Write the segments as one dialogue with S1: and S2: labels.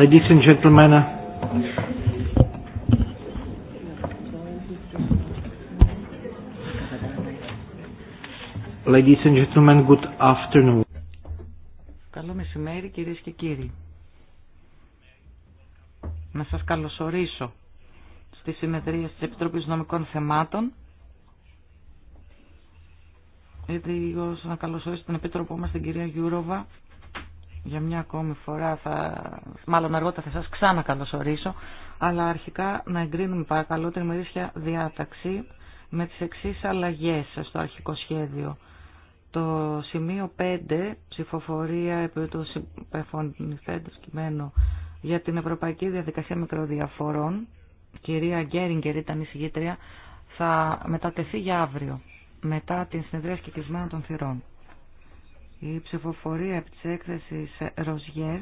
S1: Ladies and gentlemen, Ladies and gentlemen, good
S2: afternoon. Καλό μεσημέρι κυρίες και κύριοι. Να σας καλωσορίσω στη συνεδρία της Επιτροπής Νομικών Θεμάτων. Γιατί να καλωσορίσω την Επίτροπό μας την κυρία Γιούροβα για μια ακόμη φορά, θα, μάλλον αργότερα θα σας ξανακαλωσορίσω αλλά αρχικά να εγκρίνουμε παρακαλώ την μερίσια διάταξη με τις εξής αλλαγές στο αρχικό σχέδιο. Το σημείο 5, ψηφοφορία επί του συμπεφωνηθέντος κειμένου για την Ευρωπαϊκή Διαδικασία Μικροδιαφορών, κυρία Γκέριγκερ ήταν η συγγήτρια, θα μετατεθεί για αύριο, μετά την συνεδρία σκεκρισμένων των θυρών. Η ψηφοφορία τη της Ροζιέρ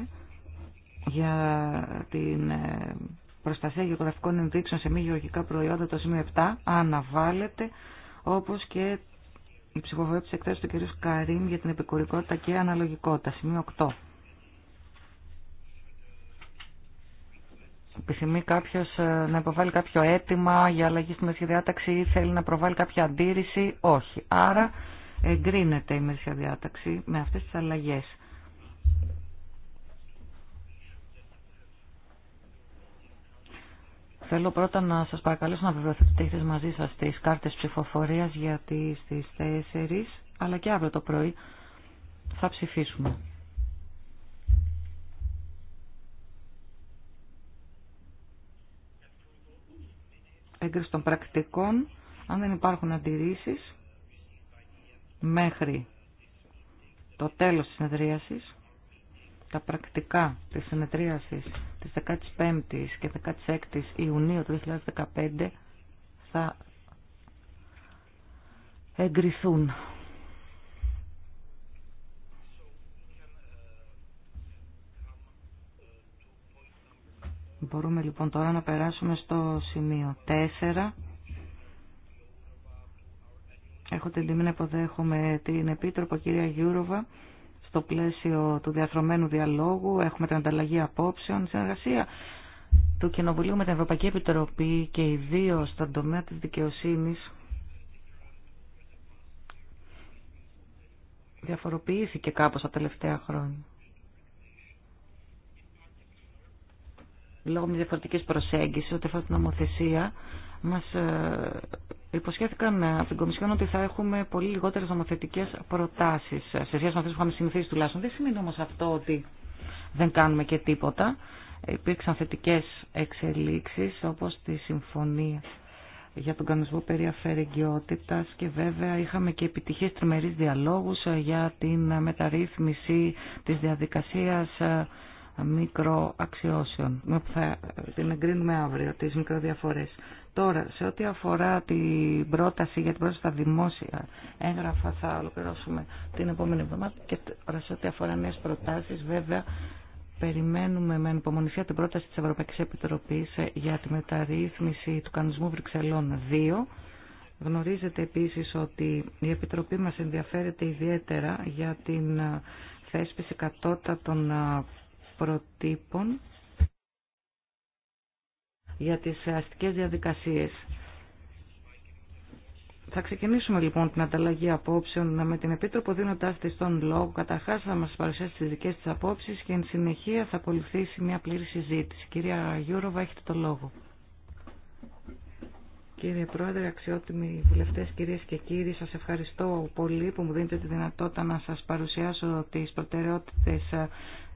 S2: για την ε, προστασία γεωγραφικών ενδείξεων σε μη γεωργικά προϊόντα το σημείο 7 αναβάλλεται όπως και η ψηφοφορία της εκθέσης του κ. Καρύμ για την επικουρικότητα και αναλογικότητα σημείο 8. Επιθυμεί κάποιο ε, να υποβάλει κάποιο αίτημα για αλλαγή στην διάταξη ή θέλει να προβάλλει κάποια αντίρρηση. Όχι. Άρα εγκρίνεται η μερσιά διάταξη με αυτές τις αλλαγές. Θέλω πρώτα να σας παρακαλέσω να βεβαιωθείτε ότι έχετε μαζί σας τις κάρτες ψηφοφορίας γιατί στις 4 αλλά και αύριο το πρωί θα ψηφίσουμε. Έγκριση των πρακτικών, αν δεν υπάρχουν αντιρρήσεις, μέχρι το τέλος της συνεδρίασης τα πρακτικά της συνεδρίασης της 15ης και 16ης Ιουνίου του 2015 θα εγκριθούν. Μπορούμε λοιπόν τώρα να περάσουμε στο σημείο 4 Έχω την τιμή να υποδέχομαι την Επίτροπο κυρία Γιούροβα στο πλαίσιο του διαθρωμένου διαλόγου. Έχουμε την ανταλλαγή απόψεων, συνεργασία του Κοινοβουλίου με την Ευρωπαϊκή Επιτροπή και ιδίω στον τομέα της δικαιοσύνης διαφοροποιήθηκε κάπως τα τελευταία χρόνια. Λόγω μια διαφορετική προσέγγιση ό,τι αυτή την νομοθεσία μας ε, υποσχέθηκαν από την Κομισιόν ότι θα έχουμε πολύ λιγότερε νομοθετικέ προτάσει σε σχέση με αυτέ που είχαμε συνηθίσει τουλάχιστον. Δεν σημαίνει όμω αυτό ότι δεν κάνουμε και τίποτα. Υπήρξαν θετικέ εξελίξει όπω τη συμφωνία για τον κανονισμό περί αφαιρεγκαιότητας και βέβαια είχαμε και επιτυχίες τριμερείς διαλόγους ε, για την μεταρρύθμιση της διαδικασίας ε, μικροαξιώσεων που θα την εγκρίνουμε αύριο, τις μικροδιαφορές. Τώρα, σε ό,τι αφορά την πρόταση για την πρόταση στα δημόσια έγγραφα θα ολοκληρώσουμε την επόμενη εβδομάδα και σε ό,τι αφορά νέες προτάσεις βέβαια περιμένουμε με ανυπομονησία την πρόταση της Ευρωπαϊκής Επιτροπής ε, για τη μεταρρύθμιση του κανονισμού Βρυξελών 2 Γνωρίζετε επίσης ότι η Επιτροπή μας ενδιαφέρεται ιδιαίτερα για την ε, θέσπιση κατώτατων ε, προτύπων για τις αστικές διαδικασίες. Θα ξεκινήσουμε λοιπόν την ανταλλαγή απόψεων με την Επίτροπο δίνοντάς της τον λόγο. Καταρχάς θα μας παρουσιάσει τις δικές της απόψεις και εν συνεχεία θα ακολουθήσει μια πλήρη συζήτηση. Κυρία Γιούροβα, έχετε το λόγο. Κύριε Πρόεδρε, αξιότιμοι βουλευτέ, κυρίε και κύριοι, σα ευχαριστώ πολύ που μου δίνετε τη δυνατότητα να σα παρουσιάσω τι προτεραιότητε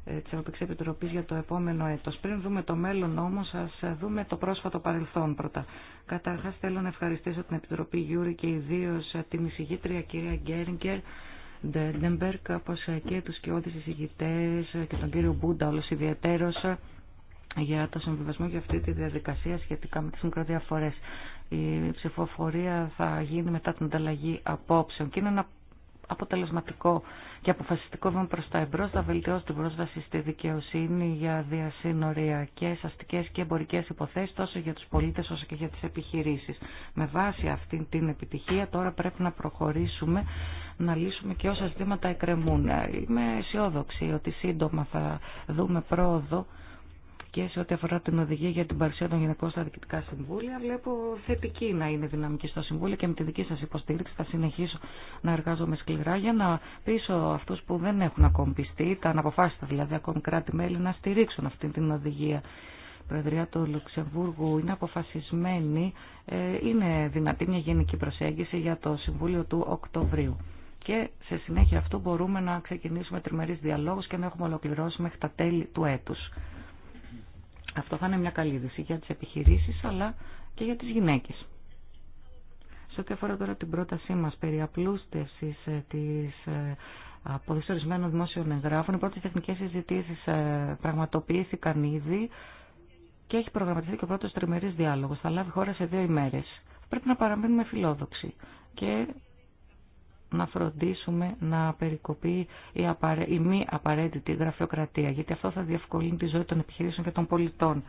S2: ε, τη ευρωπαϊκή επιτροπή για το επόμενο έτο. Πριν δούμε το μέλλον όμω, ας ε, δούμε το πρόσφατο παρελθόν πρώτα. Καταρχά, θέλω να ευχαριστήσω την Επιτροπή Γιούρη και ιδίω ε, την εισηγήτρια κυρία Γκέρνγκερ, Ντέντεμπερκ, όπω και του κοιόδης εισηγητέ και τον κύριο Μπούντα όλο ιδιαίτερο για το συμβιβασμό για αυτή τη διαδικασία σχετικά με τι μικροδιαφορέ. Η ψηφοφορία θα γίνει μετά την ανταλλαγή απόψεων και αποτελεσματικό και αποφασιστικό βήμα προς τα εμπρός θα βελτιώσει την πρόσβαση στη δικαιοσύνη για διασύνοριακές, αστικές και εμπορικές υποθέσεις τόσο για τους πολίτες όσο και για τις επιχειρήσεις. Με βάση αυτή την επιτυχία τώρα πρέπει να προχωρήσουμε να λύσουμε και όσα ζητήματα εκκρεμούν. Είμαι αισιόδοξη ότι σύντομα θα δούμε πρόοδο και σε ό,τι αφορά την οδηγία για την παρουσία των γυναικών στα διοικητικά συμβούλια. Βλέπω θετική να είναι δυναμική στο Συμβούλιο και με τη δική σα υποστήριξη θα συνεχίσω να εργάζομαι σκληρά για να πείσω αυτού που δεν έχουν ακόμη πιστεί, τα αναποφάσιστα δηλαδή ακόμη κράτη-μέλη, να στηρίξουν αυτή την οδηγία. Η Προεδρία του Λουξεμβούργου είναι αποφασισμένη, ε, είναι δυνατή μια γενική προσέγγιση για το Συμβούλιο του Οκτωβρίου και σε συνέχεια αυτού μπορούμε να ξεκινήσουμε τριμερείς διαλόγους και να έχουμε ολοκληρώσει μέχρι τα τέλη του έτους. Αυτό θα είναι μια καλή είδηση για τις επιχειρήσεις αλλά και για τις γυναίκες. Σε ό,τι αφορά τώρα την πρότασή μας περί απλούστευσης ε, της ε, αποδείξης δημόσιων εγγράφων, οι πρώτες τεχνικές συζητήσεις ε, πραγματοποιήθηκαν ήδη και έχει προγραμματιστεί και ο πρώτος τριμερής διάλογος. Θα λάβει χώρα σε δύο ημέρες. Πρέπει να παραμείνουμε φιλόδοξοι και να φροντίσουμε να περικοπεί η, απαραί... η μη απαραίτητη γραφειοκρατία, γιατί αυτό θα διευκολύνει τη ζωή των επιχειρήσεων και των πολιτών.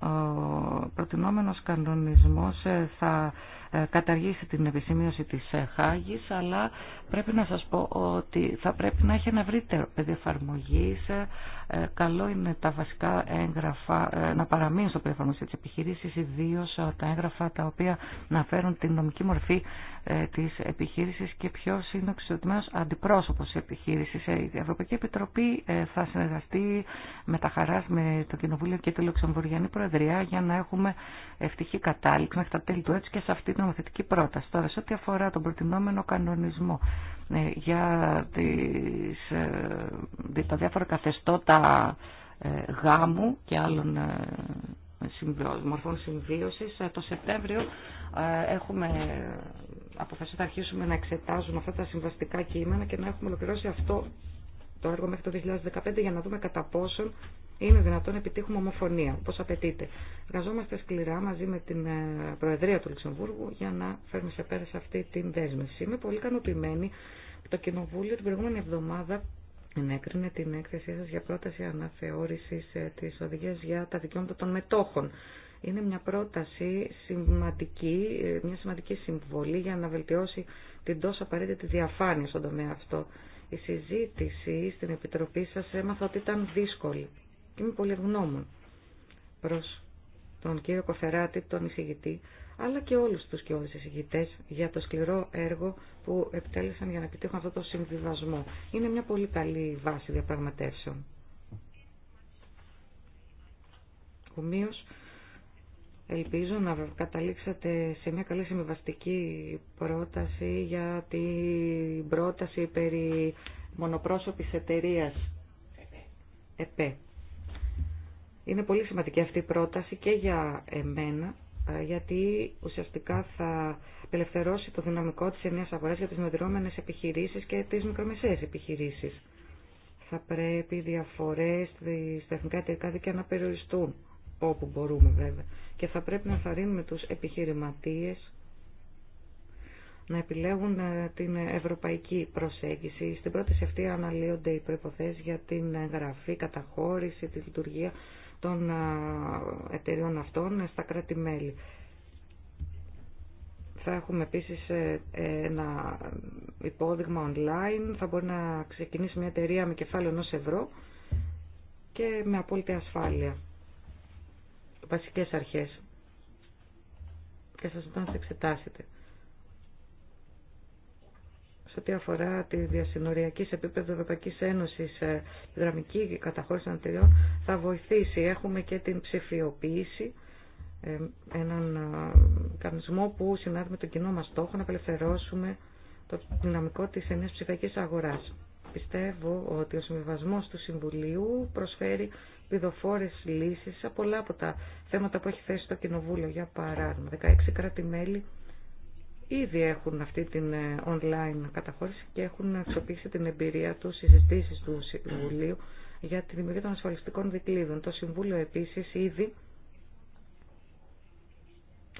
S2: Ο προτινόμενος κανονισμός ε, θα ε, καταργήσει την επισημείωση της ε, Χάγης, αλλά πρέπει να σας πω ότι θα πρέπει να έχει ένα ευρύτερο πεδίο εφαρμογή. Ε, καλό είναι τα βασικά έγγραφα να παραμείνουν στο πεδίο εφαρμογή της επιχείρησης, ιδίω τα έγγραφα τα οποία να φέρουν την νομική μορφή της επιχείρησης και ποιο είναι ο εξωτημένος αντιπρόσωπος της επιχείρησης. Η Ευρωπαϊκή Επιτροπή θα συνεργαστεί με τα χαρά με το Κοινοβούλιο και τη Λουξεμβουργιανή Προεδρία για να έχουμε ευτυχή κατάληξη μέχρι τα τέλη του έτους και σε αυτή νομοθετική πρόταση. Τώρα, σε ό,τι αφορά τον προτινόμενο κανονισμό ε, για τις, ε, τα διάφορα καθεστώτα ε, γάμου και άλλων μορφών συμβίωσης, το Σεπτέμβριο έχουμε αποφασίσει να αρχίσουμε να εξετάζουμε αυτά τα συμβαστικά κείμενα και να έχουμε ολοκληρώσει αυτό το έργο μέχρι το 2015 για να δούμε κατά πόσον είναι δυνατόν να επιτύχουμε ομοφωνία, όπω απαιτείται. Εργαζόμαστε σκληρά μαζί με την ε, Προεδρία του Λουξεμβούργου για να φέρουμε σε πέρα σε αυτή την δέσμευση. Είμαι πολύ ικανοποιημένη που το Κοινοβούλιο την προηγούμενη εβδομάδα ενέκρινε την έκθεσή σα για πρόταση αναθεώρηση ε, τη οδηγία για τα δικαιώματα των μετόχων. Είναι μια πρόταση σημαντική, ε, μια σημαντική συμβολή για να βελτιώσει την τόσο απαραίτητη διαφάνεια στον τομέα αυτό. Η συζήτηση στην Επιτροπή σας έμαθα ότι ήταν δύσκολη και είμαι πολύ ευγνώμων προς τον κύριο Κοφεράτη, τον εισηγητή, αλλά και όλους τους και τις εισηγητές για το σκληρό έργο που επιτέλεσαν για να επιτύχουν αυτό το συμβιβασμό. Είναι μια πολύ καλή βάση διαπραγματεύσεων. Ομοίως, Ελπίζω να καταλήξατε σε μια καλή συμβιβαστική πρόταση για την πρόταση περί μονοπρόσωπης εταιρείας ΕΠΕ. Είναι πολύ σημαντική αυτή η πρόταση και για εμένα, γιατί ουσιαστικά θα απελευθερώσει το δυναμικό της ενιαίας αγοράς για τις μετριόμενες επιχειρήσεις και τις μικρομεσαίες επιχειρήσεις. Θα πρέπει οι διαφορές στα εθνικά εταιρικά δίκαια να περιοριστούν όπου μπορούμε βέβαια. Και θα πρέπει να θαρρύνουμε τους επιχειρηματίες να επιλέγουν ε, την ευρωπαϊκή προσέγγιση. Στην πρώτη σε αυτή αναλύονται οι προϋποθέσεις για την εγγραφή, καταχώρηση, τη λειτουργία των ε, εταιριών αυτών ε, στα κράτη-μέλη. Θα έχουμε επίσης ένα υπόδειγμα online. Θα μπορεί να ξεκινήσει μια εταιρεία με κεφάλαιο ενός ευρώ και με απόλυτη ασφάλεια βασικές αρχές και σας ζητώ να τις εξετάσετε. Σε ό,τι αφορά τη διασυνοριακή σε επίπεδο Ευρωπαϊκή Ένωση ε, δραμική καταχώρηση των ανατεριών, θα βοηθήσει. Έχουμε και την ψηφιοποίηση, ε, έναν ε, κανονισμό που συνάδει με τον κοινό μας στόχο να απελευθερώσουμε το δυναμικό της ενέας ψηφιακής αγοράς πιστεύω ότι ο συμβιβασμός του Συμβουλίου προσφέρει πηδοφόρες λύσεις σε πολλά από τα θέματα που έχει θέσει το Κοινοβούλιο. Για παράδειγμα, 16 κράτη-μέλη ήδη έχουν αυτή την ε, online καταχώρηση και έχουν αξιοποιήσει την εμπειρία του στις συζητήσεις του Συμβουλίου για τη δημιουργία των ασφαλιστικών δικλείδων. Το Συμβούλιο επίσης ήδη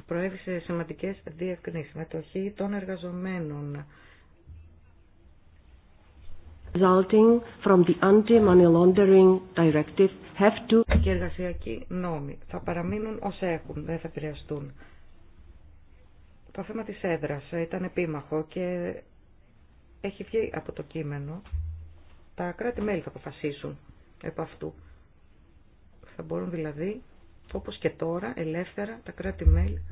S2: προέβησε σημαντικές διευκρινήσεις, Μετοχή των εργαζομένων, resulting from the anti-money laundering directive have to... Και εργασιακοί νόμοι θα παραμείνουν ως έχουν, δεν θα επηρεαστούν. Το θέμα της έδρας ε, ήταν επίμαχο και έχει βγει από το κείμενο. Τα κράτη-μέλη θα αποφασίσουν επ' αυτού. Θα μπορούν δηλαδή, όπως και τώρα, ελεύθερα τα κράτη-μέλη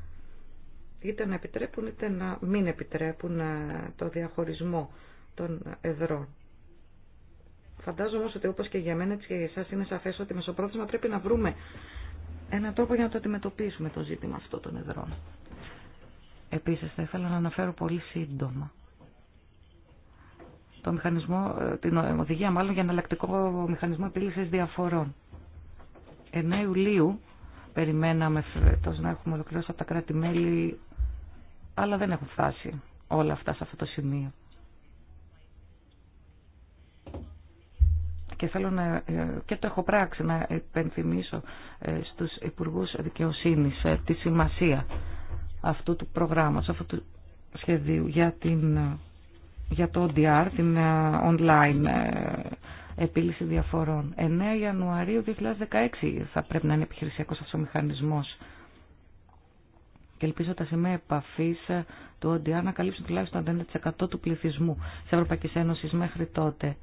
S2: είτε να επιτρέπουν είτε να μην επιτρέπουν ε, το διαχωρισμό των εδρών. Φαντάζομαι ότι όπω και για μένα και για εσάς είναι σαφέ ότι μεσοπρόθεσμα πρέπει να βρούμε έναν τρόπο για να το αντιμετωπίσουμε το ζήτημα αυτό των εδρών. Επίση θα ήθελα να αναφέρω πολύ σύντομα το μηχανισμό, ε, την οδηγία μάλλον για εναλλακτικό μηχανισμό επίλυση διαφορών. 9 Ιουλίου περιμέναμε φέτο να έχουμε ολοκληρώσει από τα κράτη-μέλη, αλλά δεν έχουν φτάσει όλα αυτά σε αυτό το σημείο. και θέλω να, ε, το έχω πράξει να επενθυμίσω ε, στους Υπουργούς Δικαιοσύνης ε, τη σημασία αυτού του προγράμματος, αυτού του σχεδίου για, την, για το ODR, την online επίλυση διαφορών. 9 Ιανουαρίου 2016 θα πρέπει να είναι επιχειρησιακός αυτός ο μηχανισμός και ελπίζω τα σημεία επαφή του ODR να καλύψουν τουλάχιστον 50% του πληθυσμού τη Ευρωπαϊκή Ένωση μέχρι τότε.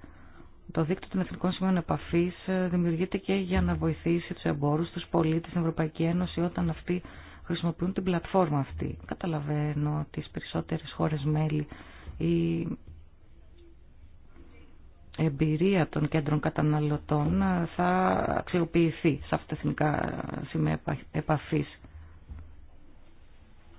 S2: Το δίκτυο των Εθνικών Σημείων Επαφή ε, δημιουργείται και για να βοηθήσει του εμπόρου, του πολίτε την Ευρωπαϊκή Ένωση όταν αυτοί χρησιμοποιούν την πλατφόρμα αυτή. Καταλαβαίνω ότι στι περισσότερε χώρε μέλη η εμπειρία των κέντρων καταναλωτών ε, θα αξιοποιηθεί σε αυτά τα εθνικά σημεία επαφή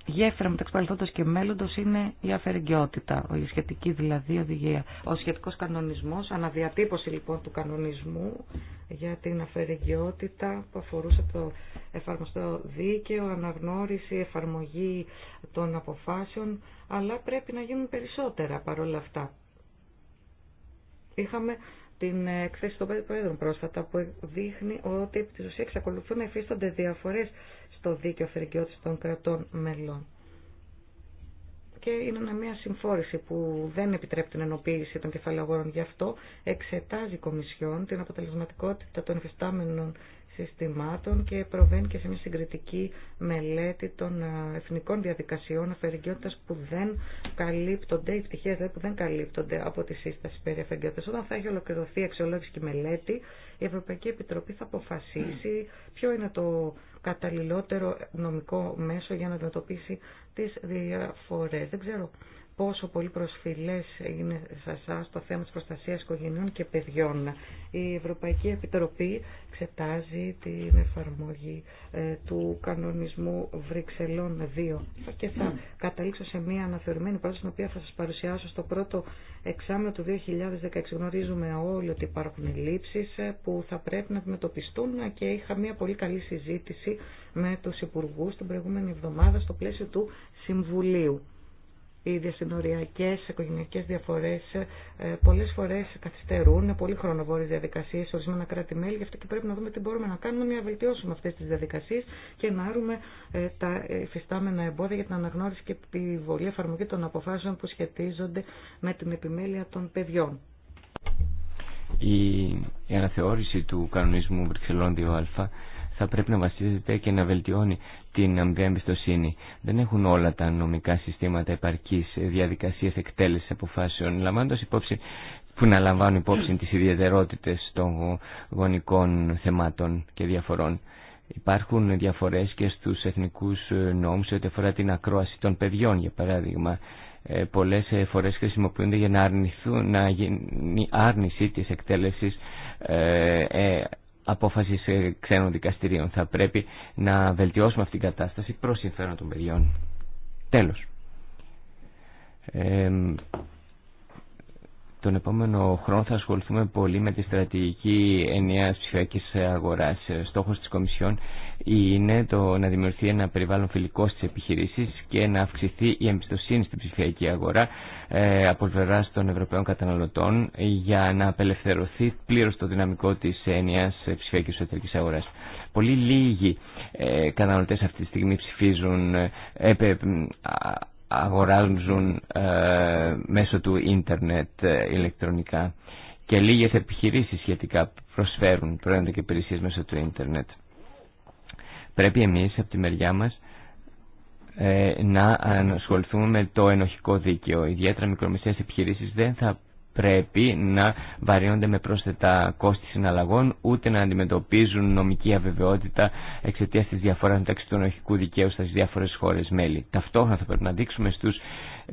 S2: γέφυρα μεταξύ παρελθόντος και μέλλοντος είναι η αφαιρεγκαιότητα, η σχετική δηλαδή οδηγία. Ο σχετικός κανονισμός, αναδιατύπωση λοιπόν του κανονισμού για την αφαιρεγκαιότητα που αφορούσε το εφαρμοστό δίκαιο, αναγνώριση, εφαρμογή των αποφάσεων, αλλά πρέπει να γίνουν περισσότερα παρόλα αυτά. Είχαμε την εκθέση των πέντε Προέδρων πρόσφατα που δείχνει ότι επί της ουσίας εξακολουθούν να υφίστανται διαφορές στο δίκαιο φερικιώτης των κρατών μελών. Και είναι μια συμφόρηση που δεν επιτρέπει την ενοποίηση των κεφαλαγόρων. Γι' αυτό εξετάζει η Κομισιόν την αποτελεσματικότητα των υφιστάμενων συστημάτων και προβαίνει και σε μια συγκριτική μελέτη των ε, εθνικών διαδικασιών αφαιρεγκαιότητα που δεν καλύπτονται, οι πτυχέ δηλαδή που δεν καλύπτονται από τη σύσταση περί αφαιρεγκαιότητα. Όταν θα έχει ολοκληρωθεί η αξιολόγηση και μελέτη, η Ευρωπαϊκή Επιτροπή θα αποφασίσει ποιο είναι το καταλληλότερο νομικό μέσο για να αντιμετωπίσει τι διαφορέ. Δεν ξέρω πόσο πολύ προσφυλές είναι σε εσά το θέμα της προστασίας οικογενειών και παιδιών. Η Ευρωπαϊκή Επιτροπή εξετάζει την εφαρμογή ε, του κανονισμού Βρυξελών 2 και θα καταλήξω σε μια αναθεωρημένη πρόταση την οποία θα σας παρουσιάσω στο πρώτο εξάμεινο του 2016. Γνωρίζουμε όλοι ότι υπάρχουν λήψεις ε, που θα πρέπει να αντιμετωπιστούν και είχα μια πολύ καλή συζήτηση με τους υπουργού την προηγούμενη εβδομάδα στο πλαίσιο του Συμβουλίου οι διασυνοριακές οικογενειακές διαφορές ε, πολλές φορές καθυστερούν, πολύ χρονοβόρες διαδικασίες σε ορισμένα κράτη-μέλη, γι' αυτό και πρέπει να δούμε τι μπορούμε να κάνουμε για να βελτιώσουμε αυτές τις διαδικασίες και να άρουμε ε, τα εφιστάμενα εμπόδια για την αναγνώριση και βολή εφαρμογή των αποφάσεων που σχετίζονται με την επιμέλεια των παιδιών.
S3: Η, η αναθεώρηση του κανονισμού Βρυξελών 2α θα πρέπει να βασίζεται και να βελτιώνει την αμοιβαία εμπιστοσύνη. Δεν έχουν όλα τα νομικά συστήματα επαρκή διαδικασία εκτέλεση αποφάσεων, λαμβάνοντα υπόψη που να λαμβάνουν υπόψη τι ιδιαίτερότητε των γονικών θεμάτων και διαφορών. Υπάρχουν διαφορέ και στους εθνικούς νόμους ό,τι αφορά την ακρόαση των παιδιών, για παράδειγμα. Ε, πολλές ε, χρησιμοποιούνται για να αρνηθούν να γίνει άρνηση τη εκτέλεση. Ε, ε, απόφαση ξένων δικαστηρίων. Θα πρέπει να βελτιώσουμε αυτήν την κατάσταση προς συμφέρον των παιδιών. Τέλος. Ε, τον επόμενο χρόνο θα ασχοληθούμε πολύ με τη στρατηγική ενιαία ψηφιακή αγορά. Στόχο της Κομισιόν είναι το να δημιουργηθεί ένα περιβάλλον φιλικό στις επιχειρήσεις και να αυξηθεί η εμπιστοσύνη στην ψηφιακή αγορά ε, από πλευρά των Ευρωπαίων καταναλωτών για να απελευθερωθεί πλήρως το δυναμικό της έννοιας ε, ψηφιακής εσωτερική αγοράς. Πολύ λίγοι ε, καταναλωτές αυτή τη στιγμή ψηφίζουν, ε, αγοράζουν ε, μέσω του ίντερνετ ε, ηλεκτρονικά και λίγες επιχειρήσεις σχετικά προσφέρουν προϊόντα και υπηρεσίες μέσω του ίντερνετ. Πρέπει εμείς από τη μεριά μας ε, να ασχοληθούμε με το ενοχικό δίκαιο. Ιδιαίτερα μικρομεσαίες επιχειρήσεις δεν θα πρέπει να βαρύνονται με πρόσθετα κόστη συναλλαγών ούτε να αντιμετωπίζουν νομική αβεβαιότητα εξαιτία της διαφοράς μεταξύ του ενοχικού δικαίου στις διάφορες χώρες μέλη. Ταυτόχρονα θα πρέπει να δείξουμε στους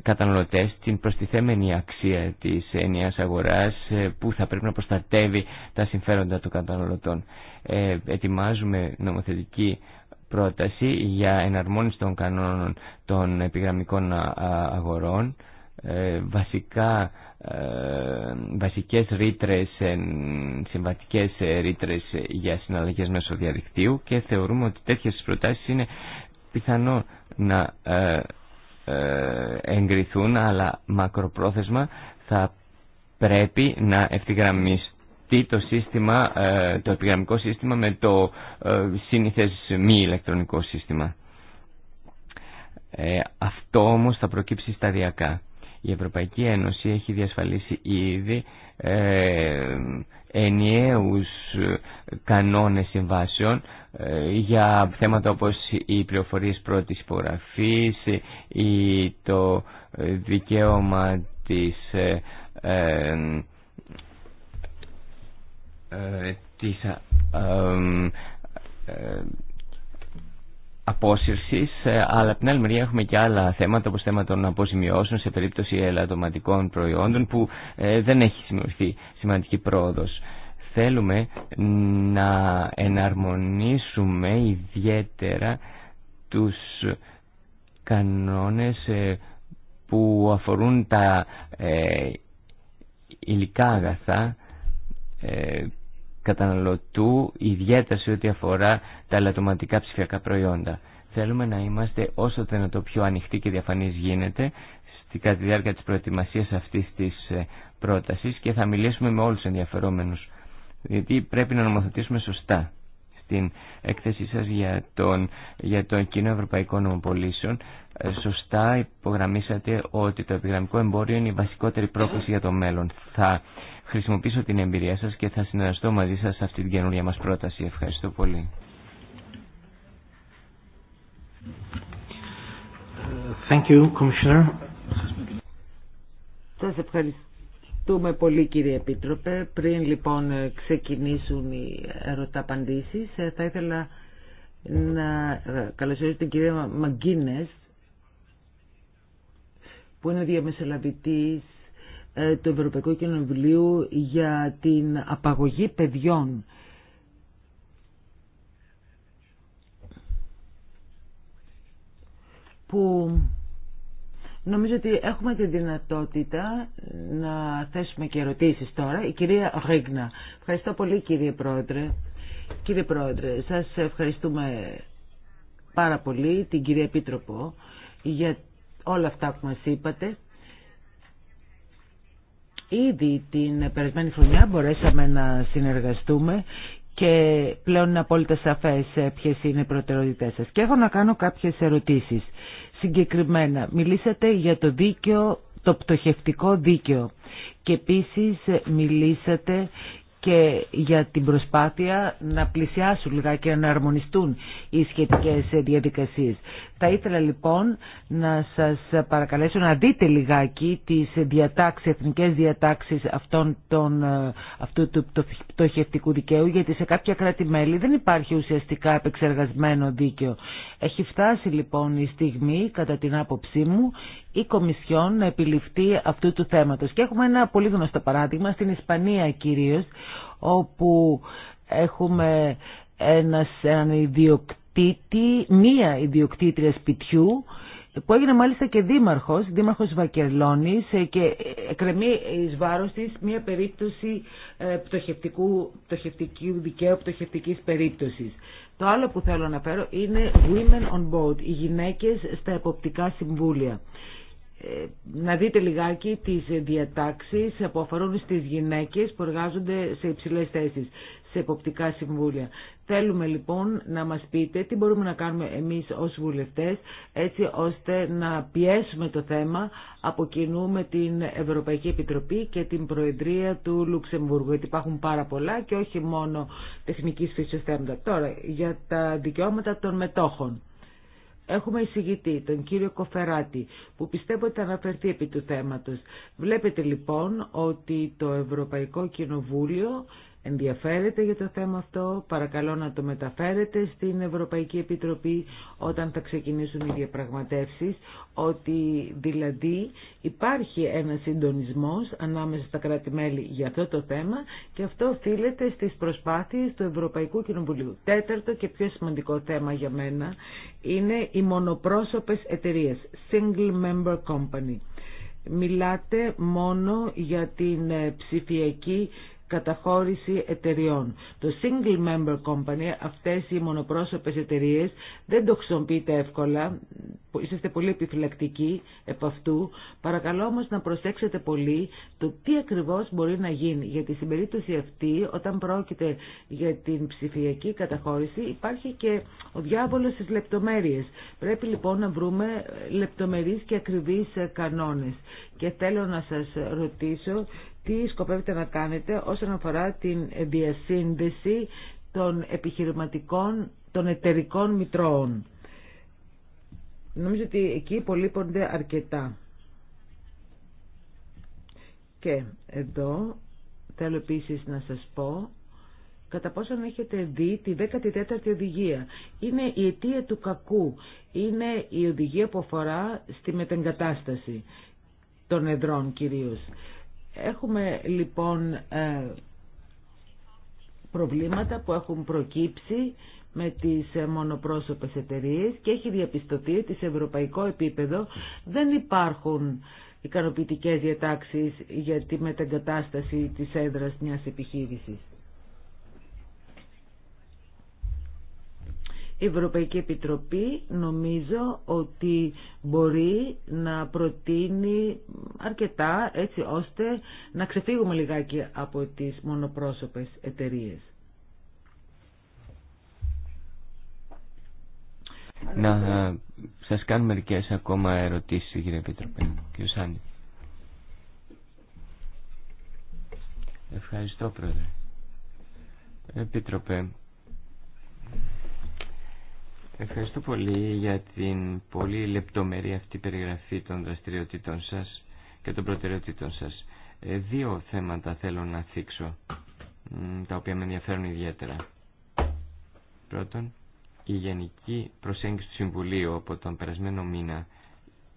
S3: καταναλωτές την προστιθέμενη αξία της ενιαίας αγοράς ε, που θα πρέπει να προστατεύει τα συμφέροντα των καταναλωτών. Ε, ετοιμάζουμε νομοθετική πρόταση για εναρμόνιση των κανόνων των επιγραμμικών αγορών ε, βασικά ε, βασικές ρήτρες, ε, συμβατικές ρήτρες για συναλλαγές μέσω διαδικτύου και θεωρούμε ότι τέτοιες προτάσεις είναι πιθανό να ε, ε, εγκριθούν, αλλά μακροπρόθεσμα θα πρέπει να ευθυγραμμιστεί το, σύστημα, ε, το επιγραμμικό σύστημα με το ε, σύνηθες μη ηλεκτρονικό σύστημα. αυτό όμως θα προκύψει σταδιακά. Η Ευρωπαϊκή Ένωση έχει διασφαλίσει ήδη ε, ενιαίους ε, κανόνες συμβάσεων ε, για θέματα όπως οι πληροφορίες πρώτης υπογραφής ή το δικαίωμα της, ε, ε της απόσυρση, ε, αλλά από την άλλη μεριά έχουμε και άλλα θέματα, όπω θέμα των αποζημιώσεων σε περίπτωση ελαττωματικών προϊόντων που ε, δεν έχει σημειωθεί σημαντική πρόοδος. Θέλουμε να εναρμονίσουμε ιδιαίτερα τους κανόνες ε, που αφορούν τα υλικά αγαθά καταναλωτού, ιδιαίτερα σε ό,τι αφορά τα λατωματικά ψηφιακά προϊόντα. Θέλουμε να είμαστε όσο το πιο ανοιχτοί και διαφανείς γίνεται στη κατά τη διάρκεια της προετοιμασίας αυτής της ε, πρότασης και θα μιλήσουμε με όλους τους ενδιαφερόμενους, γιατί πρέπει να νομοθετήσουμε σωστά στην έκθεσή σας για τον, για τον κοινό ευρωπαϊκό νομοπολίσεων ε, σωστά υπογραμμίσατε ότι το επιγραμμικό εμπόριο είναι η βασικότερη πρόκληση για το μέλλον. Θα χρησιμοποιήσω την εμπειρία σας και θα συνεργαστώ μαζί σας σε αυτή την καινούργια μας πρόταση. Ευχαριστώ πολύ.
S1: Thank you, Commissioner.
S2: Σας ευχαριστούμε πολύ κύριε Επίτροπε. Πριν λοιπόν ξεκινήσουν οι ερωταπαντήσεις ε, θα ήθελα να ε, καλωσορίσω την κυρία Μαγκίνες που είναι ο διαμεσολαβητής ε, του Ευρωπαϊκού Κοινοβουλίου για την απαγωγή παιδιών. που νομίζω ότι έχουμε τη δυνατότητα ε, να θέσουμε και ερωτήσεις τώρα. Η κυρία Ρίγνα. Ευχαριστώ πολύ κύριε Πρόεδρε. Κύριε Πρόεδρε, σας ευχαριστούμε πάρα πολύ την κυρία Επίτροπο για όλα αυτά που μας είπατε. Ήδη την περασμένη χρονιά μπορέσαμε να συνεργαστούμε και πλέον είναι απόλυτα σαφές ε, ποιες είναι οι προτεραιότητές σας. Και έχω να κάνω κάποιες ερωτήσεις. Συγκεκριμένα, μιλήσατε για το δίκαιο, το πτωχευτικό δίκαιο και επίσης ε, μιλήσατε και για την προσπάθεια να πλησιάσουν λιγάκι και να αρμονιστούν οι σχετικές διαδικασίες. Θα ήθελα λοιπόν να σας παρακαλέσω να δείτε λιγάκι τις διατάξεις, εθνικές διατάξεις αυτών των, ε, αυτού του πτωχευτικού δικαίου γιατί σε κάποια κράτη-μέλη δεν υπάρχει ουσιαστικά επεξεργασμένο δίκαιο. Έχει φτάσει λοιπόν η στιγμή κατά την άποψή μου η Κομισιόν να επιληφθεί αυτού του θέματος. Και έχουμε ένα πολύ γνωστό παράδειγμα στην Ισπανία κυρίως, όπου έχουμε ένας, έναν ιδιοκτήτη, μία ιδιοκτήτρια σπιτιού, που έγινε μάλιστα και δήμαρχος, δήμαρχος Βακερλώνης ε, και εκρεμεί εις βάρος της μία περίπτωση ε, πτωχευτικού, πτωχευτικού δικαίου, πτωχευτικής περίπτωσης. Το άλλο που θέλω να φέρω είναι Women on Board, οι γυναίκες στα εποπτικά συμβούλια. Ε, να δείτε λιγάκι τις διατάξεις που αφορούν στις γυναίκες που εργάζονται σε υψηλές θέσεις, σε εποπτικά συμβούλια. Θέλουμε λοιπόν να μας πείτε τι μπορούμε να κάνουμε εμείς ως βουλευτές έτσι ώστε να πιέσουμε το θέμα από κοινού με την Ευρωπαϊκή Επιτροπή και την Προεδρία του Λουξεμβούργου γιατί υπάρχουν πάρα πολλά και όχι μόνο τεχνικής φύσης θέματα. Τώρα για τα δικαιώματα των μετόχων. Έχουμε εισηγητή, τον κύριο Κοφεράτη, που πιστεύω ότι θα αναφερθεί επί του θέματος. Βλέπετε λοιπόν ότι το Ευρωπαϊκό Κοινοβούλιο ενδιαφέρεται για το θέμα αυτό, παρακαλώ να το μεταφέρετε στην Ευρωπαϊκή Επιτροπή όταν θα ξεκινήσουν οι διαπραγματεύσεις, ότι δηλαδή υπάρχει ένα συντονισμός ανάμεσα στα κράτη-μέλη για αυτό το θέμα και αυτό οφείλεται στις προσπάθειες του Ευρωπαϊκού Κοινοβουλίου. Τέταρτο και πιο σημαντικό θέμα για μένα είναι οι μονοπρόσωπες εταιρείες, single member company. Μιλάτε μόνο για την ψηφιακή καταχώρηση εταιριών. Το single member company, αυτές οι μονοπρόσωπες εταιρείες δεν το χρησιμοποιείτε εύκολα, είσαστε πολύ επιφυλακτικοί επ' αυτού. Παρακαλώ όμως να προσέξετε πολύ το τι ακριβώς μπορεί να γίνει, γιατί στην περίπτωση αυτή όταν πρόκειται για την ψηφιακή καταχώρηση υπάρχει και ο διάβολος στις λεπτομέρειες. Πρέπει λοιπόν να βρούμε λεπτομερείς και ακριβείς κανόνες. Και θέλω να σας ρωτήσω τι σκοπεύετε να κάνετε όσον αφορά την διασύνδεση των επιχειρηματικών, των εταιρικών μητρώων. Νομίζω ότι εκεί υπολείπονται αρκετά. Και εδώ θέλω επίσης να σας πω κατά πόσον έχετε δει τη 14η οδηγία. Είναι η αιτία του κακού. Είναι η οδηγία που αφορά στη μετεγκατάσταση των εδρών κυρίως. Έχουμε λοιπόν ε, προβλήματα που έχουν προκύψει με τις ε, μονοπρόσωπες εταιρείε και έχει διαπιστωθεί ότι σε ευρωπαϊκό επίπεδο δεν υπάρχουν ικανοποιητικές διατάξεις για τη μεταγκατάσταση της έδρας μιας επιχείρησης. Η Ευρωπαϊκή Επιτροπή νομίζω ότι μπορεί να προτείνει αρκετά έτσι ώστε να ξεφύγουμε λιγάκι από τις μονοπρόσωπες εταιρείε.
S3: Να ε, σας κάνω μερικές ακόμα ερωτήσεις κύριε Επίτροπε. Κύριε Σάνη. Ευχαριστώ πρόεδρε. Επίτροπε, Ευχαριστώ πολύ για την πολύ λεπτομερή αυτή περιγραφή των δραστηριοτήτων σας και των προτεραιοτήτων σας. Ε, δύο θέματα θέλω να θίξω, τα οποία με ενδιαφέρουν ιδιαίτερα. Πρώτον, η γενική προσέγγιση του Συμβουλίου από τον περασμένο μήνα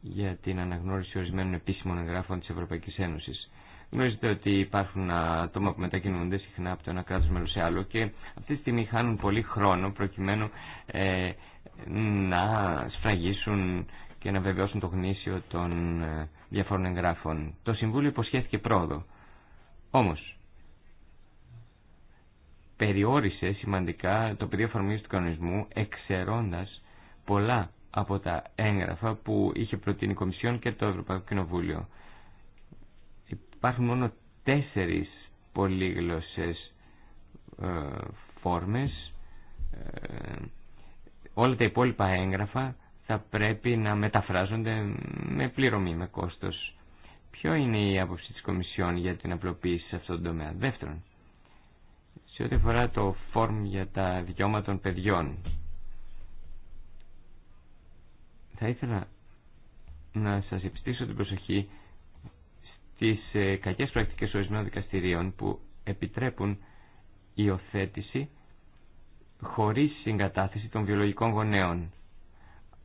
S3: για την αναγνώριση ορισμένων επίσημων εγγράφων της Ευρωπαϊκής Ένωσης. Γνωρίζετε ότι υπάρχουν άτομα που μετακινούνται συχνά από το ένα κράτος μέλος σε άλλο και αυτή τη στιγμή χάνουν πολύ χρόνο προκειμένου ε, να σφραγίσουν και να βεβαιώσουν το γνήσιο των ε, διαφόρων εγγράφων. Το Συμβούλιο υποσχέθηκε πρόοδο. Όμως, περιόρισε σημαντικά το πεδίο εφαρμογής του κανονισμού εξαιρώντας πολλά από τα έγγραφα που είχε προτείνει η Κομισιόν και το Ευρωπαϊκό Κοινοβούλιο. Υπάρχουν μόνο τέσσερις πολύγλωσσες ε, φόρμες ε, όλα τα υπόλοιπα έγγραφα θα πρέπει να μεταφράζονται με πληρωμή, με κόστος. Ποιο είναι η άποψη της Κομισιόν για την απλοποίηση σε αυτόν τον τομέα. Δεύτερον, σε ό,τι αφορά το φόρμ για τα δικαιώματα των παιδιών, θα ήθελα να σας επιστήσω την προσοχή στις ε, κακές πρακτικές ορισμένων δικαστηρίων που επιτρέπουν υιοθέτηση χωρίς συγκατάθεση των βιολογικών γονέων.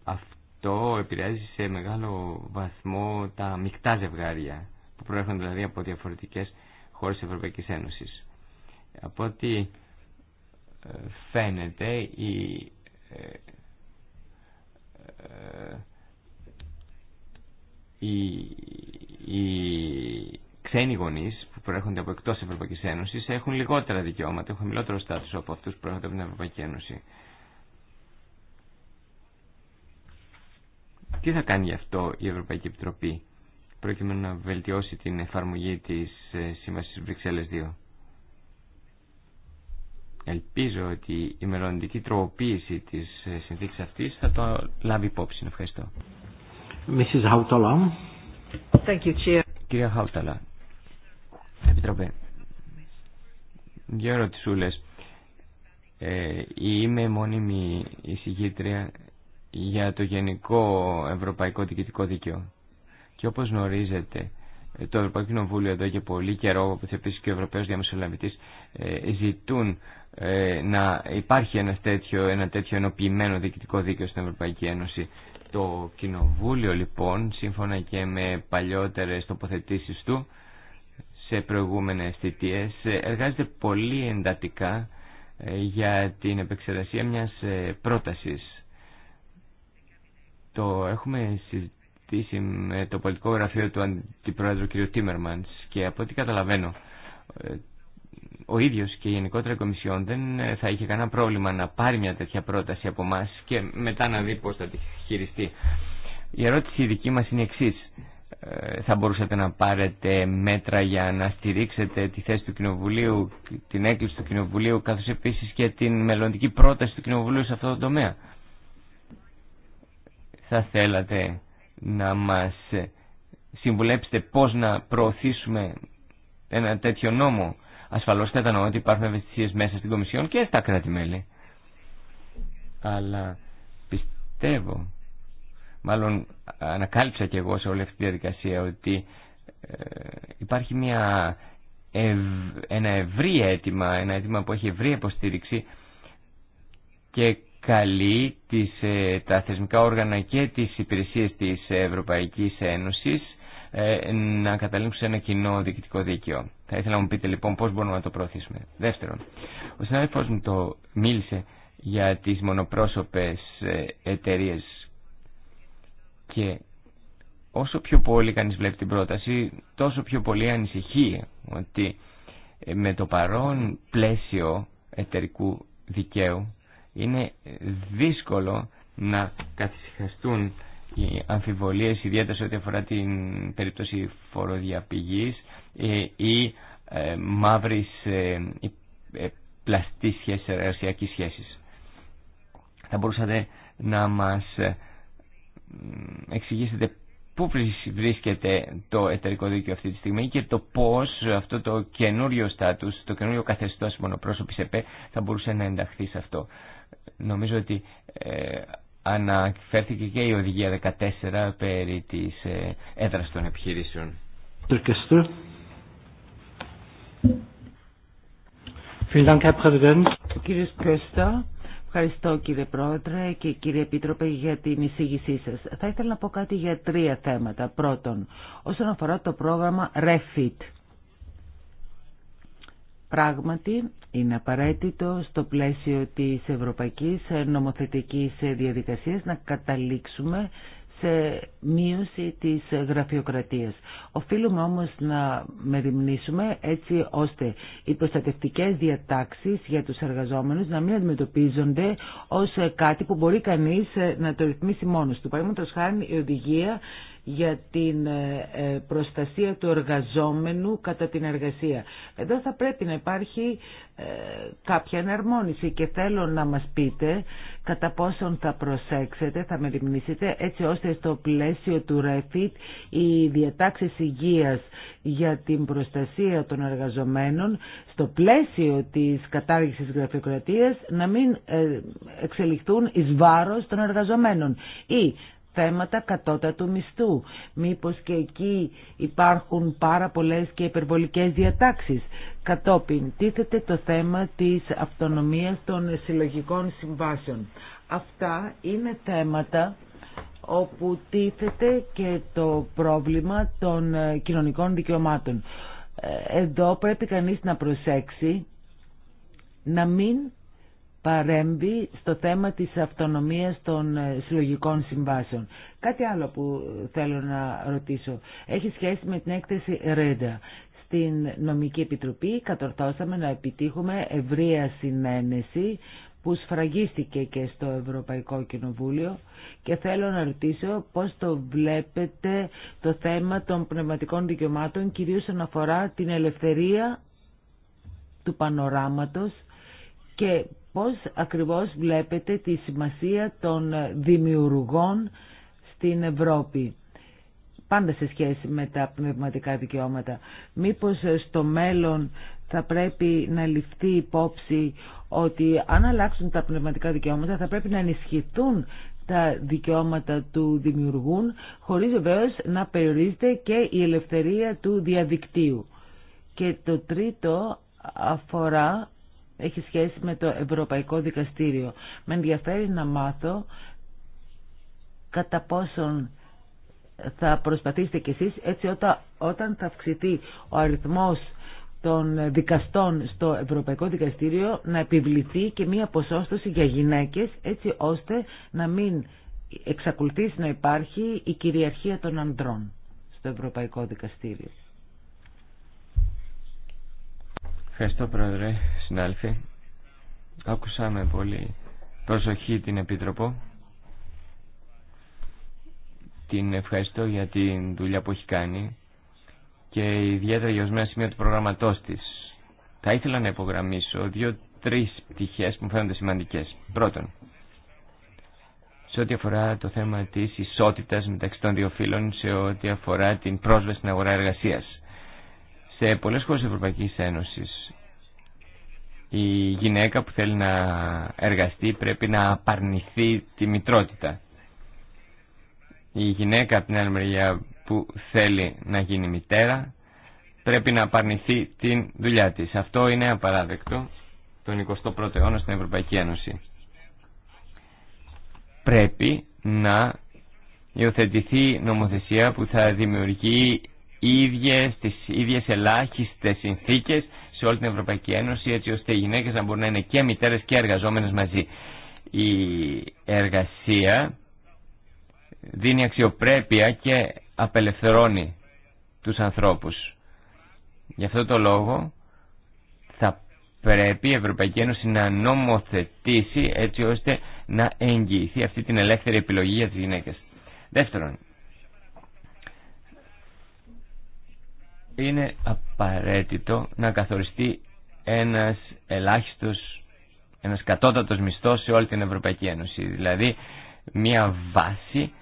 S3: Αυτό επηρεάζει σε μεγάλο βαθμό τα μεικτά ζευγάρια που προέρχονται δηλαδή από διαφορετικές χώρες της Ευρωπαϊκής Ένωσης. Από ό,τι ε, φαίνεται η οι, ε, οι ε, ξένοι γονείς που προέρχονται από εκτό Ευρωπαϊκή Ένωση έχουν λιγότερα δικαιώματα, έχουν χαμηλότερο στάτου από αυτού που προέρχονται από την Ευρωπαϊκή Ένωση. Τι θα κάνει γι' αυτό η Ευρωπαϊκή Επιτροπή προκειμένου να βελτιώσει την εφαρμογή της ε, Σύμβασης Βρυξέλλες 2. Ελπίζω ότι η μελλοντική τροποποίηση της ε, συνθήκη αυτή θα το λάβει υπόψη. Ευχαριστώ.
S1: Mrs. Hautala.
S3: Κυρία Χάουταλα, Επιτροπέ, δύο Τσούλες. Ε, είμαι μόνιμη εισηγήτρια για το Γενικό Ευρωπαϊκό Διοικητικό Δίκαιο. Και όπως γνωρίζετε, το Ευρωπαϊκό Κοινοβούλιο εδώ και πολύ καιρό, όπως επίση και ο Ευρωπαίο Διαμεσολαβητή, ε, ζητούν ε, να υπάρχει ένα τέτοιο, ένα τέτοιο ενοποιημένο διοικητικό δίκαιο στην Ευρωπαϊκή Ένωση. Το Κοινοβούλιο λοιπόν, σύμφωνα και με παλιότερε τοποθετήσει του, σε προηγούμενες θητείες ε, εργάζεται πολύ εντατικά ε, για την επεξεργασία μιας ε, πρότασης. Το έχουμε συζητήσει με το πολιτικό γραφείο του Αντιπρόεδρου κ. Τίμερμαντς και από ό,τι καταλαβαίνω ο ίδιος και η γενικότερα Κομισιόν δεν θα είχε κανένα πρόβλημα να πάρει μια τέτοια πρόταση από εμά και μετά να δει πώς θα τη χειριστεί. Η ερώτηση δική μας είναι εξής. Ε, θα μπορούσατε να πάρετε μέτρα για να στηρίξετε τη θέση του Κοινοβουλίου, την έκκληση του Κοινοβουλίου, καθώς επίσης και την μελλοντική πρόταση του Κοινοβουλίου σε αυτό το τομέα. Θα θέλατε να μας συμβουλέψετε πώς να προωθήσουμε ένα τέτοιο νόμο. Ασφαλώς κατανοώ ότι υπάρχουν ευαισθησίες μέσα στην Κομισιόν και στα κράτη-μέλη. Αλλά πιστεύω, μάλλον ανακάλυψα και εγώ σε όλη αυτή τη διαδικασία ότι ε, υπάρχει μια ένα ευρύ αίτημα, ένα αίτημα που έχει ευρύ υποστήριξη και καλεί τις, ε, τα θεσμικά όργανα και τις υπηρεσίες της Ευρωπαϊκής Ένωσης ε, να καταλήξουν σε ένα κοινό διοικητικό δίκαιο. Θα ήθελα να μου πείτε λοιπόν πώς μπορούμε να το προωθήσουμε. Δεύτερον, ο συνάδελφός μου το μίλησε για τις μονοπρόσωπες εταιρείες και όσο πιο πολύ κανείς βλέπει την πρόταση, τόσο πιο πολύ ανησυχεί ότι ε, με το παρόν πλαίσιο εταιρικού δικαίου είναι δύσκολο να καθυσυχαστούν οι αμφιβολίες ιδιαίτερα σε ό,τι αφορά την περίπτωση φοροδιαπηγής ε, ή ε, μαύρης πλαστής εργασιακής σχέσης. Θα μπορούσατε να μας εξηγήσετε πού βρίσκεται το εταιρικό δίκαιο αυτή τη στιγμή και το πώς αυτό το καινούριο στάτους, το καινούριο καθεστώς μονοπρόσωπης ΕΠΕ θα μπορούσε να ενταχθεί σε αυτό. Νομίζω ότι ε, αναφέρθηκε και η οδηγία 14 περί της ε, έδρας των
S1: επιχειρήσεων.
S2: Κύριε Κέστα, Ευχαριστώ κύριε Πρόεδρε και κύριε Επίτροπε για την εισήγησή σας. Θα ήθελα να πω κάτι για τρία θέματα. Πρώτον, όσον αφορά το πρόγραμμα REFIT. Πράγματι, είναι απαραίτητο στο πλαίσιο της ευρωπαϊκής νομοθετικής διαδικασίας να καταλήξουμε σε μείωση της γραφειοκρατίας. Οφείλουμε όμως να μεριμνήσουμε έτσι ώστε οι προστατευτικές διατάξεις για τους εργαζόμενους να μην αντιμετωπίζονται ως κάτι που μπορεί κανείς να το ρυθμίσει μόνος του. Παραδείγματος χάνει η οδηγία για την ε, ε, προστασία του εργαζόμενου κατά την εργασία. Εδώ θα πρέπει να υπάρχει ε, κάποια εναρμόνιση και θέλω να μας πείτε κατά πόσον θα προσέξετε, θα μεριμνήσετε έτσι ώστε στο πλαίσιο του ΡΕΦΙΤ οι διατάξεις υγείας για την προστασία των εργαζομένων στο πλαίσιο της κατάργησης γραφειοκρατίας να μην εξελιχθούν εις βάρος των εργαζομένων ή θέματα κατώτατου μισθού. Μήπως και εκεί υπάρχουν πάρα πολλές και υπερβολικές διατάξεις. Κατόπιν τίθεται το θέμα της αυτονομίας των συλλογικών συμβάσεων. Αυτά είναι θέματα όπου τίθεται και το πρόβλημα των ε, κοινωνικών δικαιωμάτων. Ε, εδώ πρέπει κανείς να προσέξει να μην παρέμβει στο θέμα της αυτονομίας των ε, συλλογικών συμβάσεων. Κάτι άλλο που ε, θέλω να ρωτήσω. Έχει σχέση με την έκθεση Ρέντα. Στην Νομική Επιτροπή κατορθώσαμε να επιτύχουμε ευρεία συνένεση που σφραγίστηκε και στο Ευρωπαϊκό Κοινοβούλιο και θέλω να ρωτήσω πώς το βλέπετε το θέμα των πνευματικών δικαιωμάτων κυρίως αναφορά την ελευθερία του πανοράματος και Πώς ακριβώς βλέπετε τη σημασία των δημιουργών στην Ευρώπη πάντα σε σχέση με τα πνευματικά δικαιώματα. Μήπως στο μέλλον θα πρέπει να ληφθεί υπόψη ότι αν αλλάξουν τα πνευματικά δικαιώματα θα πρέπει να ενισχυθούν τα δικαιώματα του δημιουργούν χωρίς βεβαίω να περιορίζεται και η ελευθερία του διαδικτύου. Και το τρίτο αφορά έχει σχέση με το Ευρωπαϊκό Δικαστήριο. Με ενδιαφέρει να μάθω κατά πόσον θα προσπαθήσετε κι εσείς έτσι όταν, θα αυξηθεί ο αριθμός των δικαστών στο Ευρωπαϊκό Δικαστήριο να επιβληθεί και μία ποσόστοση για γυναίκες έτσι ώστε να μην εξακολουθήσει να υπάρχει η κυριαρχία των ανδρών στο Ευρωπαϊκό Δικαστήριο.
S3: Ευχαριστώ Πρόεδρε, συνάδελφοι. Άκουσα με πολύ προσοχή την Επίτροπο. Την ευχαριστώ για την δουλειά που έχει κάνει και ιδιαίτερα για ορισμένα σημεία του προγραμματός της. Θα ήθελα να υπογραμμίσω δύο-τρεις πτυχές που μου φαίνονται σημαντικές. Πρώτον, σε ό,τι αφορά το θέμα της ισότητας μεταξύ των δύο φύλων, σε ό,τι αφορά την πρόσβαση στην αγορά εργασίας. Σε πολλές χώρες της Ευρωπαϊκής Ένωσης η γυναίκα που θέλει να εργαστεί πρέπει να απαρνηθεί τη μητρότητα. Η γυναίκα από την άλλη που θέλει να γίνει μητέρα πρέπει να απαρνηθεί την δουλειά της. Αυτό είναι απαράδεκτο τον 21ο αιώνα στην Ευρωπαϊκή Ένωση. Πρέπει να υιοθετηθεί νομοθεσία που θα δημιουργεί ίδιες, τις ίδιες ελάχιστες συνθήκες σε όλη την Ευρωπαϊκή Ένωση έτσι ώστε οι γυναίκες να μπορούν να είναι και μητέρες και εργαζόμενες μαζί. Η εργασία δίνει αξιοπρέπεια και απελευθερώνει τους ανθρώπους. Γι' αυτό το λόγο θα πρέπει η Ευρωπαϊκή Ένωση να νομοθετήσει έτσι ώστε να εγγυηθεί αυτή την ελεύθερη επιλογή για τις γυναίκες. Δεύτερον, είναι απαραίτητο να καθοριστεί ένας ελάχιστος, ένας κατώτατος μισθός σε όλη την Ευρωπαϊκή Ένωση. Δηλαδή μια βάση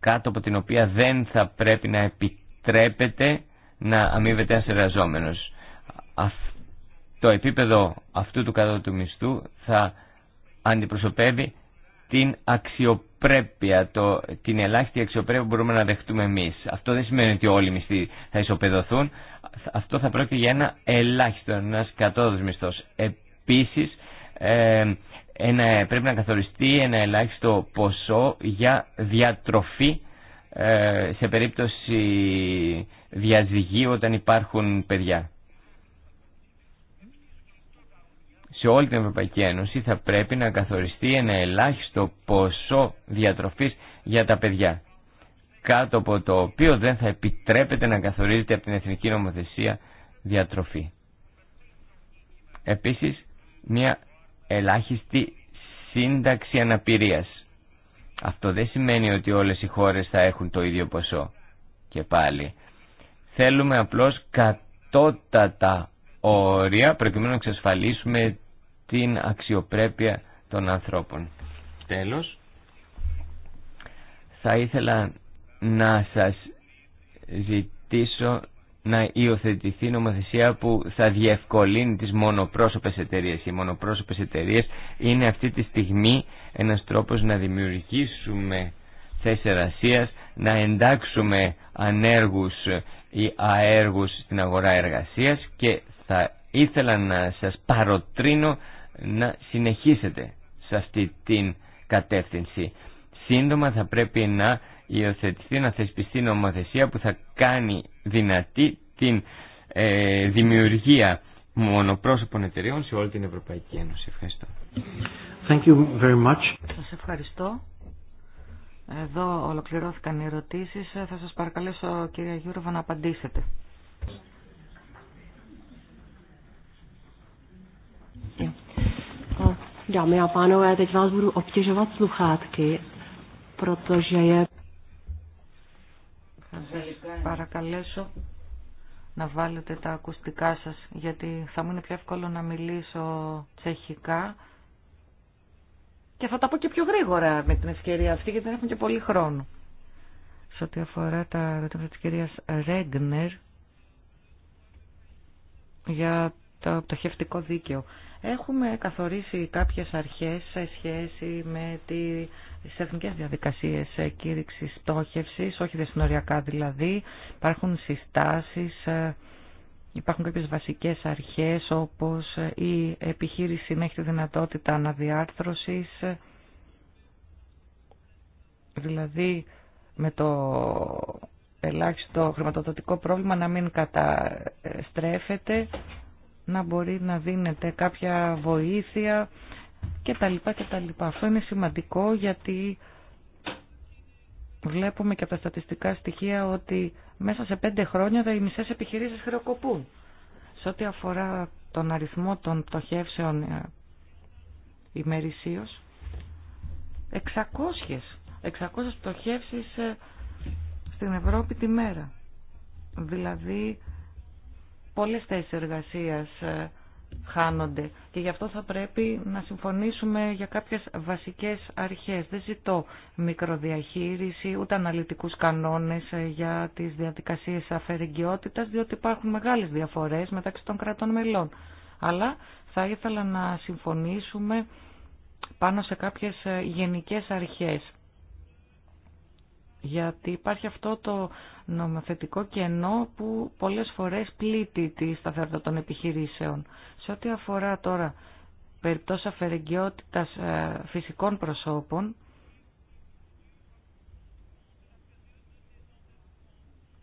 S3: κάτω από την οποία δεν θα πρέπει να επιτρέπεται να αμείβεται ένας Το επίπεδο αυτού του κατώτατου μισθού θα αντιπροσωπεύει την αξιοπρέπεια, το, την ελάχιστη αξιοπρέπεια που μπορούμε να δεχτούμε εμείς. Αυτό δεν σημαίνει ότι όλοι οι μισθοί θα ισοπεδωθούν. Αυτό θα πρόκειται για ένα ελάχιστο, ένα κατώδος μισθός. Επίσης, ε, ένα, πρέπει να καθοριστεί ένα ελάχιστο ποσό για διατροφή ε, σε περίπτωση διαζυγίου όταν υπάρχουν παιδιά. σε όλη την Ευρωπαϊκή Ένωση θα πρέπει να καθοριστεί ένα ελάχιστο ποσό διατροφής για τα παιδιά κάτω από το οποίο δεν θα επιτρέπεται να καθορίζεται από την Εθνική Νομοθεσία διατροφή. Επίσης, μια ελάχιστη σύνταξη αναπηρίας. Αυτό δεν σημαίνει ότι όλες οι χώρες θα έχουν το ίδιο ποσό. Και πάλι, θέλουμε απλώς κατώτατα όρια προκειμένου να εξασφαλίσουμε την αξιοπρέπεια των ανθρώπων. Τέλος, θα ήθελα να σας ζητήσω να υιοθετηθεί νομοθεσία που θα διευκολύνει τις μονοπρόσωπες εταιρείες. Οι μονοπρόσωπες εταιρείες είναι αυτή τη στιγμή ένας τρόπος να δημιουργήσουμε θέσεις εργασίας, να εντάξουμε ανέργους ή αέργους στην αγορά εργασίας και θα ήθελα να σας παροτρύνω να συνεχίσετε σε αυτή την κατεύθυνση. Σύντομα θα πρέπει να υιοθετηθεί, να θεσπιστεί νομοθεσία που θα κάνει δυνατή την ε, δημιουργία μονοπρόσωπων εταιρεών σε όλη την Ευρωπαϊκή Ένωση. Ευχαριστώ. Thank you very
S2: much. Σας ευχαριστώ. Εδώ ολοκληρώθηκαν οι ερωτήσεις. Θα σας παρακαλέσω κυρία Γιούροβα να απαντήσετε. Dámy a pánové, teď vás budu obtěžovat sluchátky, protože je... Θα σας παρακαλέσω να βάλετε τα ακουστικά σας, γιατί θα μου είναι πιο εύκολο να μιλήσω τσεχικά και θα τα πω και πιο γρήγορα με την ευκαιρία αυτή, γιατί δεν έχουμε και πολύ χρόνο. Σε ό,τι αφορά τα ερωτήματα τη κυρία Ρέγκνερ για το πτωχευτικό δίκαιο. Έχουμε καθορίσει κάποιες αρχές σε σχέση με τις εθνικές διαδικασίες κήρυξης στόχευσης, όχι δεσμοριακά δηλαδή. Υπάρχουν συστάσεις, ε, υπάρχουν κάποιες βασικές αρχές όπως η επιχείρηση να έχει τη δυνατότητα αναδιάρθρωσης, δηλαδή με το ελάχιστο χρηματοδοτικό πρόβλημα να μην καταστρέφεται να μπορεί να δίνεται κάποια βοήθεια τα λοιπά. Αυτό είναι σημαντικό γιατί βλέπουμε και από τα στατιστικά στοιχεία ότι μέσα σε πέντε χρόνια τα οι μισές επιχειρήσεις χρεοκοπούν. Σε ό,τι αφορά τον αριθμό των πτωχεύσεων ε, ημερησίως, 600, 600 πτωχεύσεις ε, στην Ευρώπη τη μέρα. Δηλαδή πολλές θέσεις εργασίας ε, χάνονται και γι' αυτό θα πρέπει να συμφωνήσουμε για κάποιες βασικές αρχές. Δεν ζητώ μικροδιαχείριση ούτε αναλυτικούς κανόνες ε, για τις διαδικασίες αφαιρεγγιότητας διότι υπάρχουν μεγάλες διαφορές μεταξύ των κρατών μελών. Αλλά θα ήθελα να συμφωνήσουμε πάνω σε κάποιες ε, γενικές αρχές γιατί υπάρχει αυτό το νομοθετικό κενό που πολλές φορές πλήττει τη σταθερότητα των επιχειρήσεων. Σε ό,τι αφορά τώρα περιπτώσει αφαιρεγγιότητας ε, φυσικών προσώπων,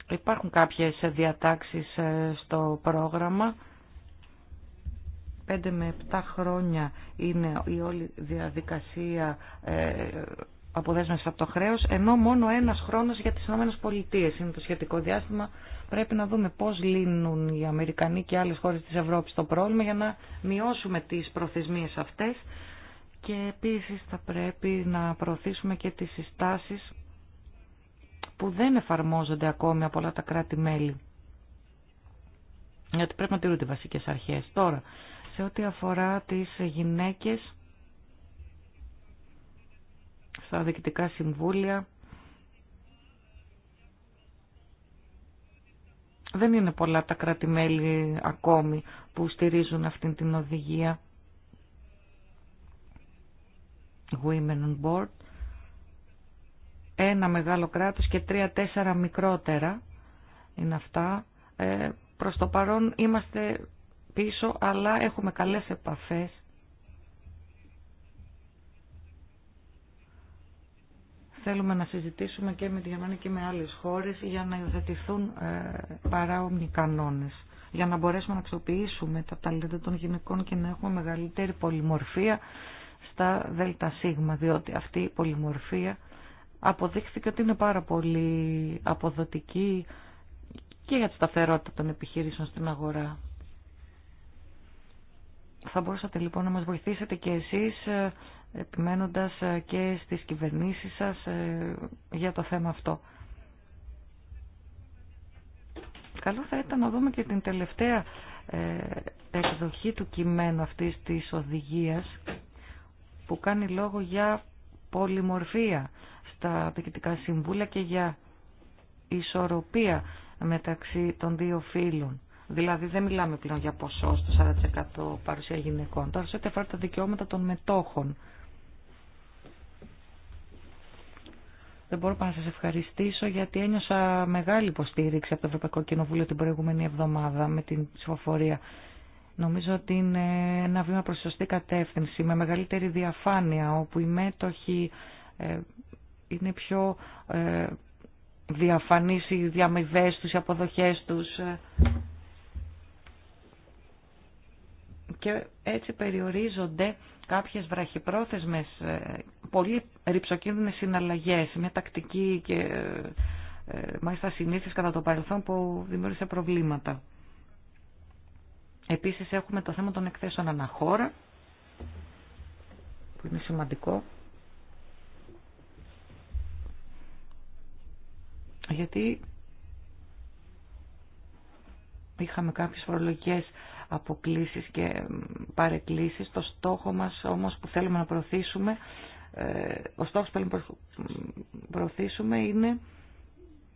S2: υπάρχουν κάποιες διατάξεις ε, στο πρόγραμμα. 5 με 7 χρόνια είναι η όλη διαδικασία ε, αποδέσμευση από το χρέος, ενώ μόνο ένας χρόνος για τις ΗΠΑ είναι το σχετικό διάστημα. Πρέπει να δούμε πώς λύνουν οι Αμερικανοί και άλλες χώρες της Ευρώπης το πρόβλημα για να μειώσουμε τις προθεσμίες αυτές και επίσης θα πρέπει να προωθήσουμε και τις συστάσεις που δεν εφαρμόζονται ακόμη από όλα τα κράτη-μέλη. Γιατί πρέπει να τηρούνται οι βασικές αρχές. Τώρα, σε ό,τι αφορά τις γυναίκες στα διοικητικά συμβούλια. Δεν είναι πολλά τα κρατη ακόμη που στηρίζουν αυτήν την οδηγία. Women on Board. Ένα μεγάλο κράτος και τρία-τέσσερα μικρότερα είναι αυτά. Ε, προς το παρόν είμαστε πίσω, αλλά έχουμε καλές επαφές θέλουμε να συζητήσουμε και με τη Γερμανία και με άλλες χώρες για να υιοθετηθούν ε, παράομοι κανόνες για να μπορέσουμε να αξιοποιήσουμε τα ταλέντα των γυναικών και να έχουμε μεγαλύτερη πολυμορφία στα ΔΣ, διότι αυτή η πολυμορφία αποδείχθηκε ότι είναι πάρα πολύ αποδοτική και για τη σταθερότητα των επιχειρήσεων στην αγορά. Θα μπορούσατε λοιπόν να μας βοηθήσετε και εσείς ε, επιμένοντας ε, και στις κυβερνήσεις σας ε, για το θέμα αυτό. Καλό θα ήταν να δούμε και την τελευταία ε, εκδοχή του κειμένου αυτής της οδηγίας που κάνει λόγο για πολυμορφία στα διοικητικά συμβούλια και για ισορροπία μεταξύ των δύο φίλων. Δηλαδή δεν μιλάμε πλέον για ποσό στο 40% παρουσία γυναικών. Τώρα σε ό,τι τα δικαιώματα των μετόχων. Δεν μπορώ να σας ευχαριστήσω γιατί ένιωσα μεγάλη υποστήριξη από το Ευρωπαϊκό Κοινοβούλιο την προηγούμενη εβδομάδα με την ψηφοφορία. Νομίζω ότι είναι ένα βήμα προς σωστή κατεύθυνση, με μεγαλύτερη διαφάνεια, όπου οι μέτοχοι ε, είναι πιο ε, διαφανείς οι διαμοιβές τους, οι αποδοχές τους. Ε. Και έτσι περιορίζονται κάποιες βραχυπρόθεσμες, ε, πολύ ρηψοκίνδυνες συναλλαγές, μια τακτική και ε, ε, μάλιστα συνήθειες κατά το παρελθόν που δημιούργησε προβλήματα. Επίσης έχουμε το θέμα των εκθέσεων αναχώρα, που είναι σημαντικό. Γιατί είχαμε κάποιες φορολογικές αποκλήσεις και παρεκκλήσεις. Το στόχο μας όμως που θέλουμε να προωθήσουμε, ε, ο στόχος που θέλουμε να προωθήσουμε είναι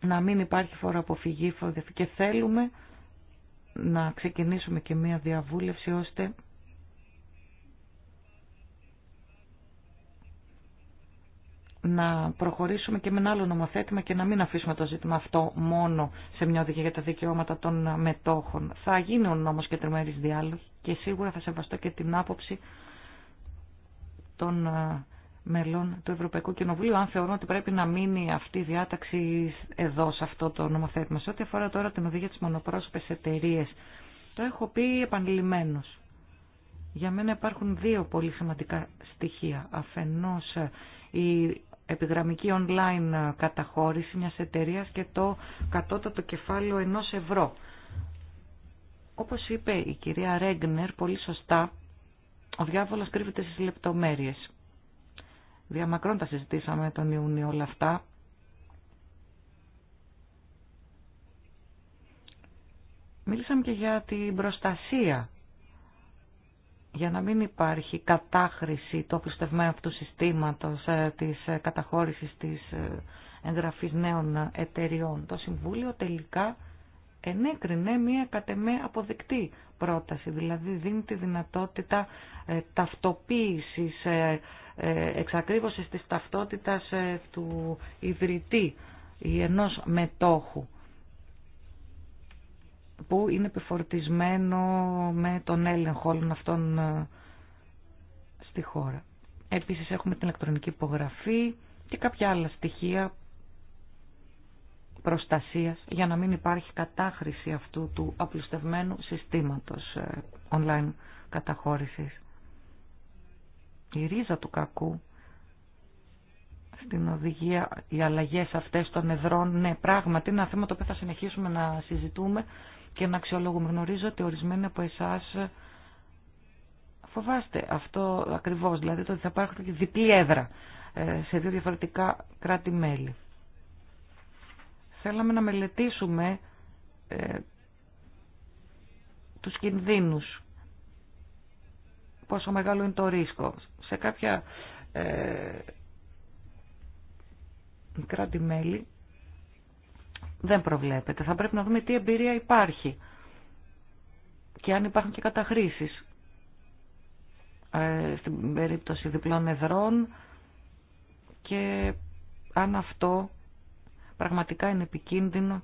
S2: να μην υπάρχει φορά αποφυγή και θέλουμε να ξεκινήσουμε και μία διαβούλευση ώστε να προχωρήσουμε και με ένα άλλο νομοθέτημα και να μην αφήσουμε το ζήτημα αυτό μόνο σε μια οδηγία για τα δικαιώματα των μετόχων. Θα γίνει ο νόμος και τριμερής διάλογη και σίγουρα θα σεβαστώ και την άποψη των ε, μελών του Ευρωπαϊκού Κοινοβουλίου, αν θεωρώ ότι πρέπει να μείνει αυτή η διάταξη εδώ, σε αυτό το νομοθέτημα. Σε ό,τι αφορά τώρα την οδηγία της μονοπρόσωπε εταιρείε. το έχω πει επανειλημμένω. Για μένα υπάρχουν δύο πολύ σημαντικά στοιχεία. Αφενός ε, η επιγραμμική online καταχώρηση μιας εταιρείας και το κατώτατο κεφάλαιο ενός ευρώ. Όπως είπε η κυρία Ρέγνερ πολύ σωστά, ο διάβολος κρύβεται στις λεπτομέρειες. Διαμακρόν τα συζητήσαμε τον Ιούνιο όλα αυτά. Μίλησαμε και για την προστασία για να μην υπάρχει κατάχρηση του απλουστευμένου αυτού συστήματος ε, της ε, καταχώρησης της ε, εγγραφής νέων εταιριών. Το Συμβούλιο τελικά ενέκρινε μία κατεμέ αποδεκτή πρόταση, δηλαδή δίνει τη δυνατότητα ταυτοποίησης, εξακρίβωσης της ταυτότητας του ιδρυτή ή ενός μετόχου που είναι επιφορτισμένο με τον έλεγχο όλων αυτών ε, στη χώρα. Επίσης έχουμε την ηλεκτρονική υπογραφή και κάποια άλλα στοιχεία προστασίας για να μην υπάρχει κατάχρηση αυτού του απλουστευμένου συστήματος ε, online καταχώρησης. Η ρίζα του κακού στην οδηγία, οι αλλαγές αυτές των εδρών, ναι πράγματι είναι ένα θέμα το οποίο θα συνεχίσουμε να συζητούμε και να αξιολόγουμε. Γνωρίζω ότι ορισμένοι από εσά φοβάστε αυτό ακριβώ, δηλαδή το ότι θα υπάρχουν διπλή έδρα ε, σε δύο διαφορετικά κράτη-μέλη. Θέλαμε να μελετήσουμε ε, τους κινδύνους, πόσο μεγάλο είναι το ρίσκο. Σε κάποια ε, κράτη-μέλη δεν προβλέπεται. Θα πρέπει να δούμε τι εμπειρία υπάρχει και αν υπάρχουν και καταχρήσεις. Ε, στην περίπτωση διπλών εδρών και αν αυτό πραγματικά είναι επικίνδυνο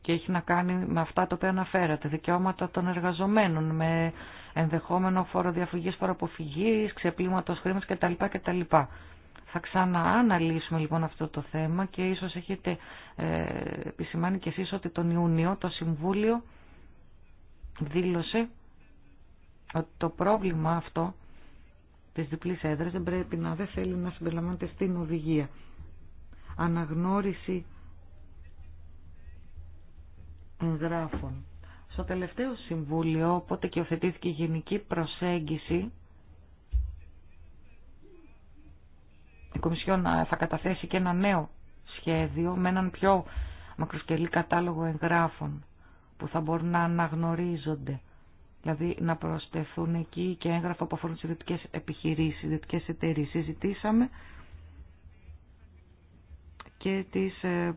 S2: και έχει να κάνει με αυτά τα οποία αναφέρατε, δικαιώματα των εργαζομένων, με ενδεχόμενο φόρο διαφυγής, φοροαποφυγής, ξεπλήματος χρήματος κτλ. κτλ. Θα ξανααναλύσουμε λοιπόν αυτό το θέμα και ίσως έχετε ε, επισημάνει κι εσείς ότι τον Ιούνιο το Συμβούλιο δήλωσε ότι το πρόβλημα αυτό της διπλής έδρας δεν πρέπει να δεν θέλει να συμπεριλαμβάνεται στην οδηγία. Αναγνώριση εγγράφων. Στο τελευταίο Συμβούλιο, οπότε και οθετήθηκε η γενική προσέγγιση Κομισιόν θα καταθέσει και ένα νέο σχέδιο με έναν πιο μακροσκελή κατάλογο εγγράφων που θα μπορούν να αναγνωρίζονται. Δηλαδή να προσθεθούν εκεί και έγγραφα που αφορούν τι ιδιωτικέ επιχειρήσει, ιδιωτικέ εταιρείε. Συζητήσαμε και τι ε,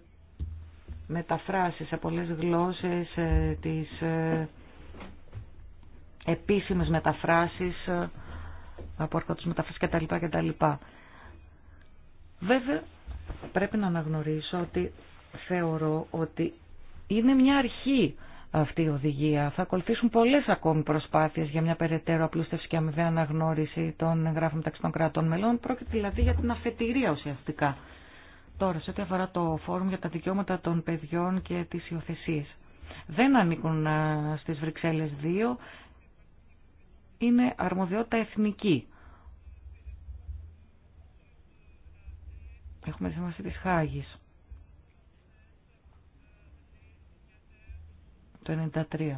S2: μεταφράσει σε πολλέ γλώσσε, ε, τι ε, επίσημε μεταφράσει από αρχαίου μεταφράσει κτλ. κτλ. Βέβαια, πρέπει να αναγνωρίσω ότι θεωρώ ότι είναι μια αρχή αυτή η οδηγία. Θα ακολουθήσουν πολλέ ακόμη προσπάθειε για μια περαιτέρω απλούστευση και αμοιβαία αναγνώριση των εγγράφων μεταξύ των κρατών μελών. Πρόκειται δηλαδή για την αφετηρία ουσιαστικά. Τώρα, σε ό,τι αφορά το φόρουμ για τα δικαιώματα των παιδιών και τι υιοθεσίε. Δεν ανήκουν ε, στι Βρυξέλλε 2. Είναι αρμοδιότητα εθνική Έχουμε τη σύμβαση της Χάγης. Το 93.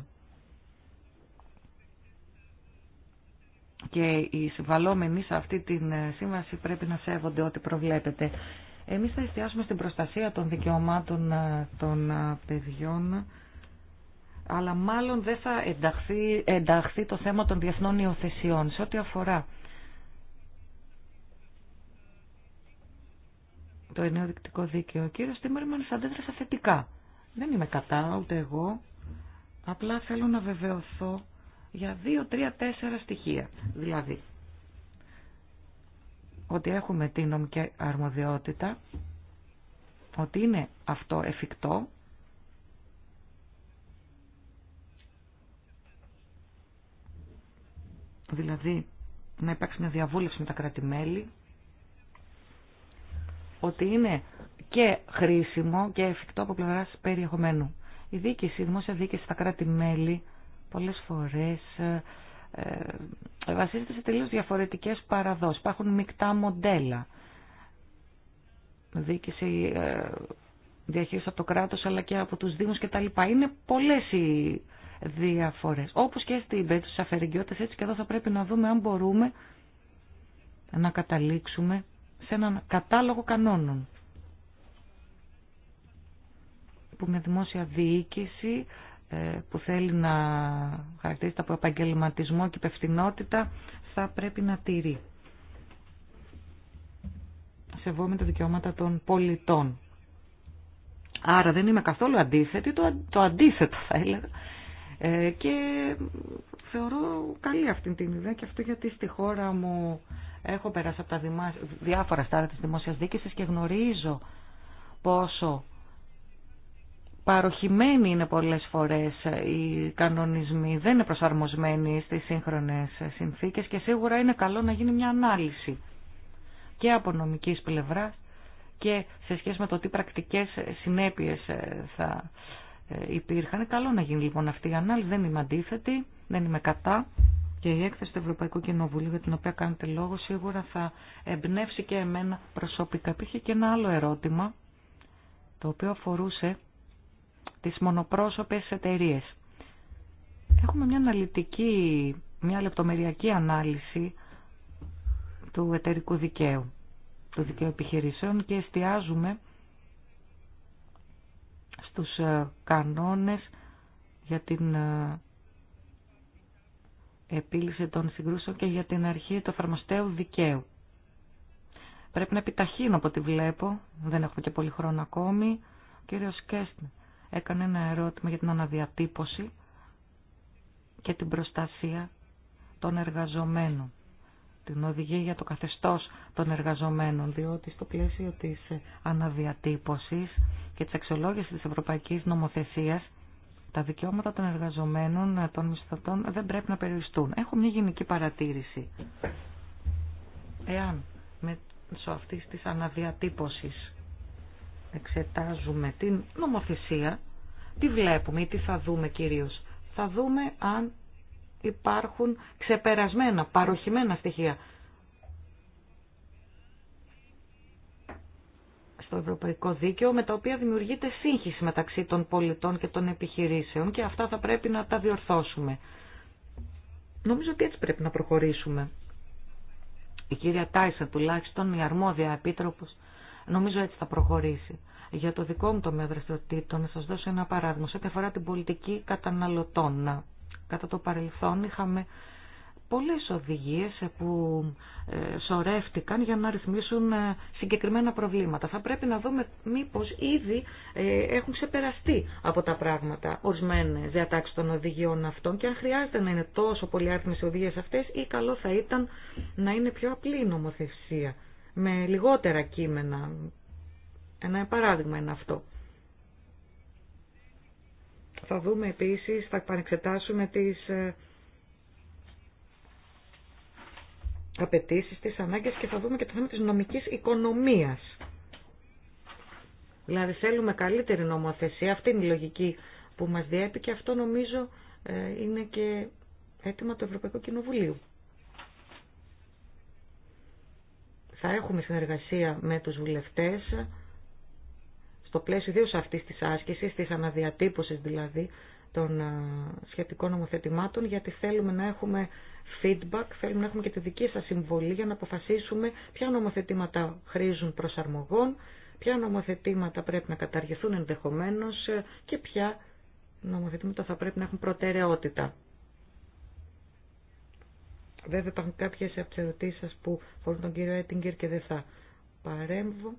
S2: Και οι συμβαλόμενοι σε αυτή τη ε, σύμβαση πρέπει να σέβονται ό,τι προβλέπεται. Εμείς θα εστιάσουμε στην προστασία των δικαιωμάτων ε, των ε, παιδιών αλλά μάλλον δεν θα ενταχθεί, ενταχθεί το θέμα των διεθνών υιοθεσιών. Σε ό,τι αφορά το ενέο δικτικό δίκαιο. Ο κύριος Τίμερμανς αντέδρασε θετικά. Δεν είμαι κατά, ούτε εγώ. Απλά θέλω να βεβαιωθώ για δύο, τρία, τέσσερα στοιχεία. Δηλαδή, ότι έχουμε την νομική αρμοδιότητα, ότι είναι αυτό εφικτό, δηλαδή να υπάρξει μια διαβούλευση με τα κράτη-μέλη, ότι είναι και χρήσιμο και εφικτό από πλευρά περιεχομένου. Η δίκηση, η δημόσια δίκηση στα κράτη-μέλη πολλές φορές ε, ε, βασίζεται σε τελείως διαφορετικές παραδόσεις. Υπάρχουν μεικτά μοντέλα. Δίκηση ε, διαχείριση από το κράτο αλλά και από του δήμου κτλ. Είναι πολλές οι διαφορέ. Όπως και στην περίπτωση τη έτσι και εδώ θα πρέπει να δούμε αν μπορούμε να καταλήξουμε σε έναν κατάλογο κανόνων που μια δημόσια διοίκηση ε, που θέλει να χαρακτηρίζεται από επαγγελματισμό και υπευθυνότητα θα πρέπει να τηρεί σεβόμε τα δικαιώματα των πολιτών. Άρα δεν είμαι καθόλου αντίθετη, το, το αντίθετο θα έλεγα. Ε, και θεωρώ καλή αυτή την ιδέα και αυτό γιατί στη χώρα μου Έχω περάσει από τα διάφορα στάδια της δημόσιας δίκησης και γνωρίζω πόσο παροχημένοι είναι πολλές φορές οι κανονισμοί, δεν είναι προσαρμοσμένοι στις σύγχρονες συνθήκες και σίγουρα είναι καλό να γίνει μια ανάλυση και από νομικής πλευράς και σε σχέση με το τι πρακτικές συνέπειες ε, θα ε, υπήρχαν. Καλό να γίνει λοιπόν αυτή η ανάλυση, δεν είμαι αντίθετη, δεν είμαι κατά και η έκθεση του Ευρωπαϊκού Κοινοβουλίου, για την οποία κάνετε λόγο, σίγουρα θα εμπνεύσει και εμένα προσωπικά. Υπήρχε και ένα άλλο ερώτημα, το οποίο αφορούσε τις μονοπρόσωπες εταιρείε. Έχουμε μια αναλυτική, μια λεπτομεριακή ανάλυση του εταιρικού δικαίου, του δικαίου επιχειρήσεων και εστιάζουμε στους ε, κανόνες για την ε, Επίλυσε τον συγκρούσεων και για την αρχή του εφαρμοστέου δικαίου. Πρέπει να επιταχύνω από ό,τι βλέπω, δεν έχουμε και πολύ χρόνο ακόμη. Ο κύριος Κέστν έκανε ένα ερώτημα για την αναδιατύπωση και την προστασία των εργαζομένων. Την οδηγία για το καθεστώς των εργαζομένων, διότι στο πλαίσιο της αναδιατύπωσης και της αξιολόγηση της Ευρωπαϊκής Νομοθεσίας τα δικαιώματα των εργαζομένων, ε, των μισθωτών δεν πρέπει να περιοριστούν. Έχω μια γενική παρατήρηση. Εάν σε αυτή τη αναδιατύπωση εξετάζουμε την νομοθεσία, τι βλέπουμε ή τι θα δούμε κυρίως. Θα δούμε αν υπάρχουν ξεπερασμένα, παροχημένα στοιχεία το ευρωπαϊκό δίκαιο με τα οποία δημιουργείται σύγχυση μεταξύ των πολιτών και των επιχειρήσεων και αυτά θα πρέπει να τα διορθώσουμε. Νομίζω ότι έτσι πρέπει να προχωρήσουμε. Η κυρία Τάισα τουλάχιστον, η αρμόδια επίτροπος, νομίζω έτσι θα προχωρήσει. Για το δικό μου τομέα δραστηριοτήτων, να σας δώσω ένα παράδειγμα. Σε ό,τι αφορά την πολιτική καταναλωτών, κατά το παρελθόν είχαμε πολλές οδηγίες που ε, σωρεύτηκαν για να ρυθμίσουν ε, συγκεκριμένα προβλήματα. Θα πρέπει να δούμε μήπως ήδη ε, έχουν ξεπεραστεί από τα πράγματα ορισμένες διατάξεις των οδηγιών αυτών και αν χρειάζεται να είναι τόσο πολυάριθμες οι οδηγίες αυτές ή καλό θα ήταν να είναι πιο απλή η νομοθεσία με λιγότερα κείμενα. Ένα παράδειγμα είναι αυτό. Θα δούμε επίσης, θα επανεξετάσουμε τις απαιτήσει, τι ανάγκε και θα δούμε και το θέμα τη νομική οικονομία. Δηλαδή θέλουμε καλύτερη νομοθεσία, αυτή είναι η λογική που μας διέπει και αυτό νομίζω ε, είναι και αίτημα του Ευρωπαϊκού Κοινοβουλίου. Θα έχουμε συνεργασία με τους βουλευτές στο πλαίσιο ιδίως αυτής της άσκησης, της αναδιατύπωσης δηλαδή των σχετικών νομοθετημάτων γιατί θέλουμε να έχουμε feedback, θέλουμε να έχουμε και τη δική σας συμβολή για να αποφασίσουμε ποια νομοθετήματα χρήζουν προσαρμογών, ποια νομοθετήματα πρέπει να καταργηθούν ενδεχομένως ε, και ποια νομοθετήματα θα πρέπει να έχουν προτεραιότητα. Βέβαια υπάρχουν κάποιες από που φορούν τον κύριο Έτιγκερ και δεν θα παρέμβω.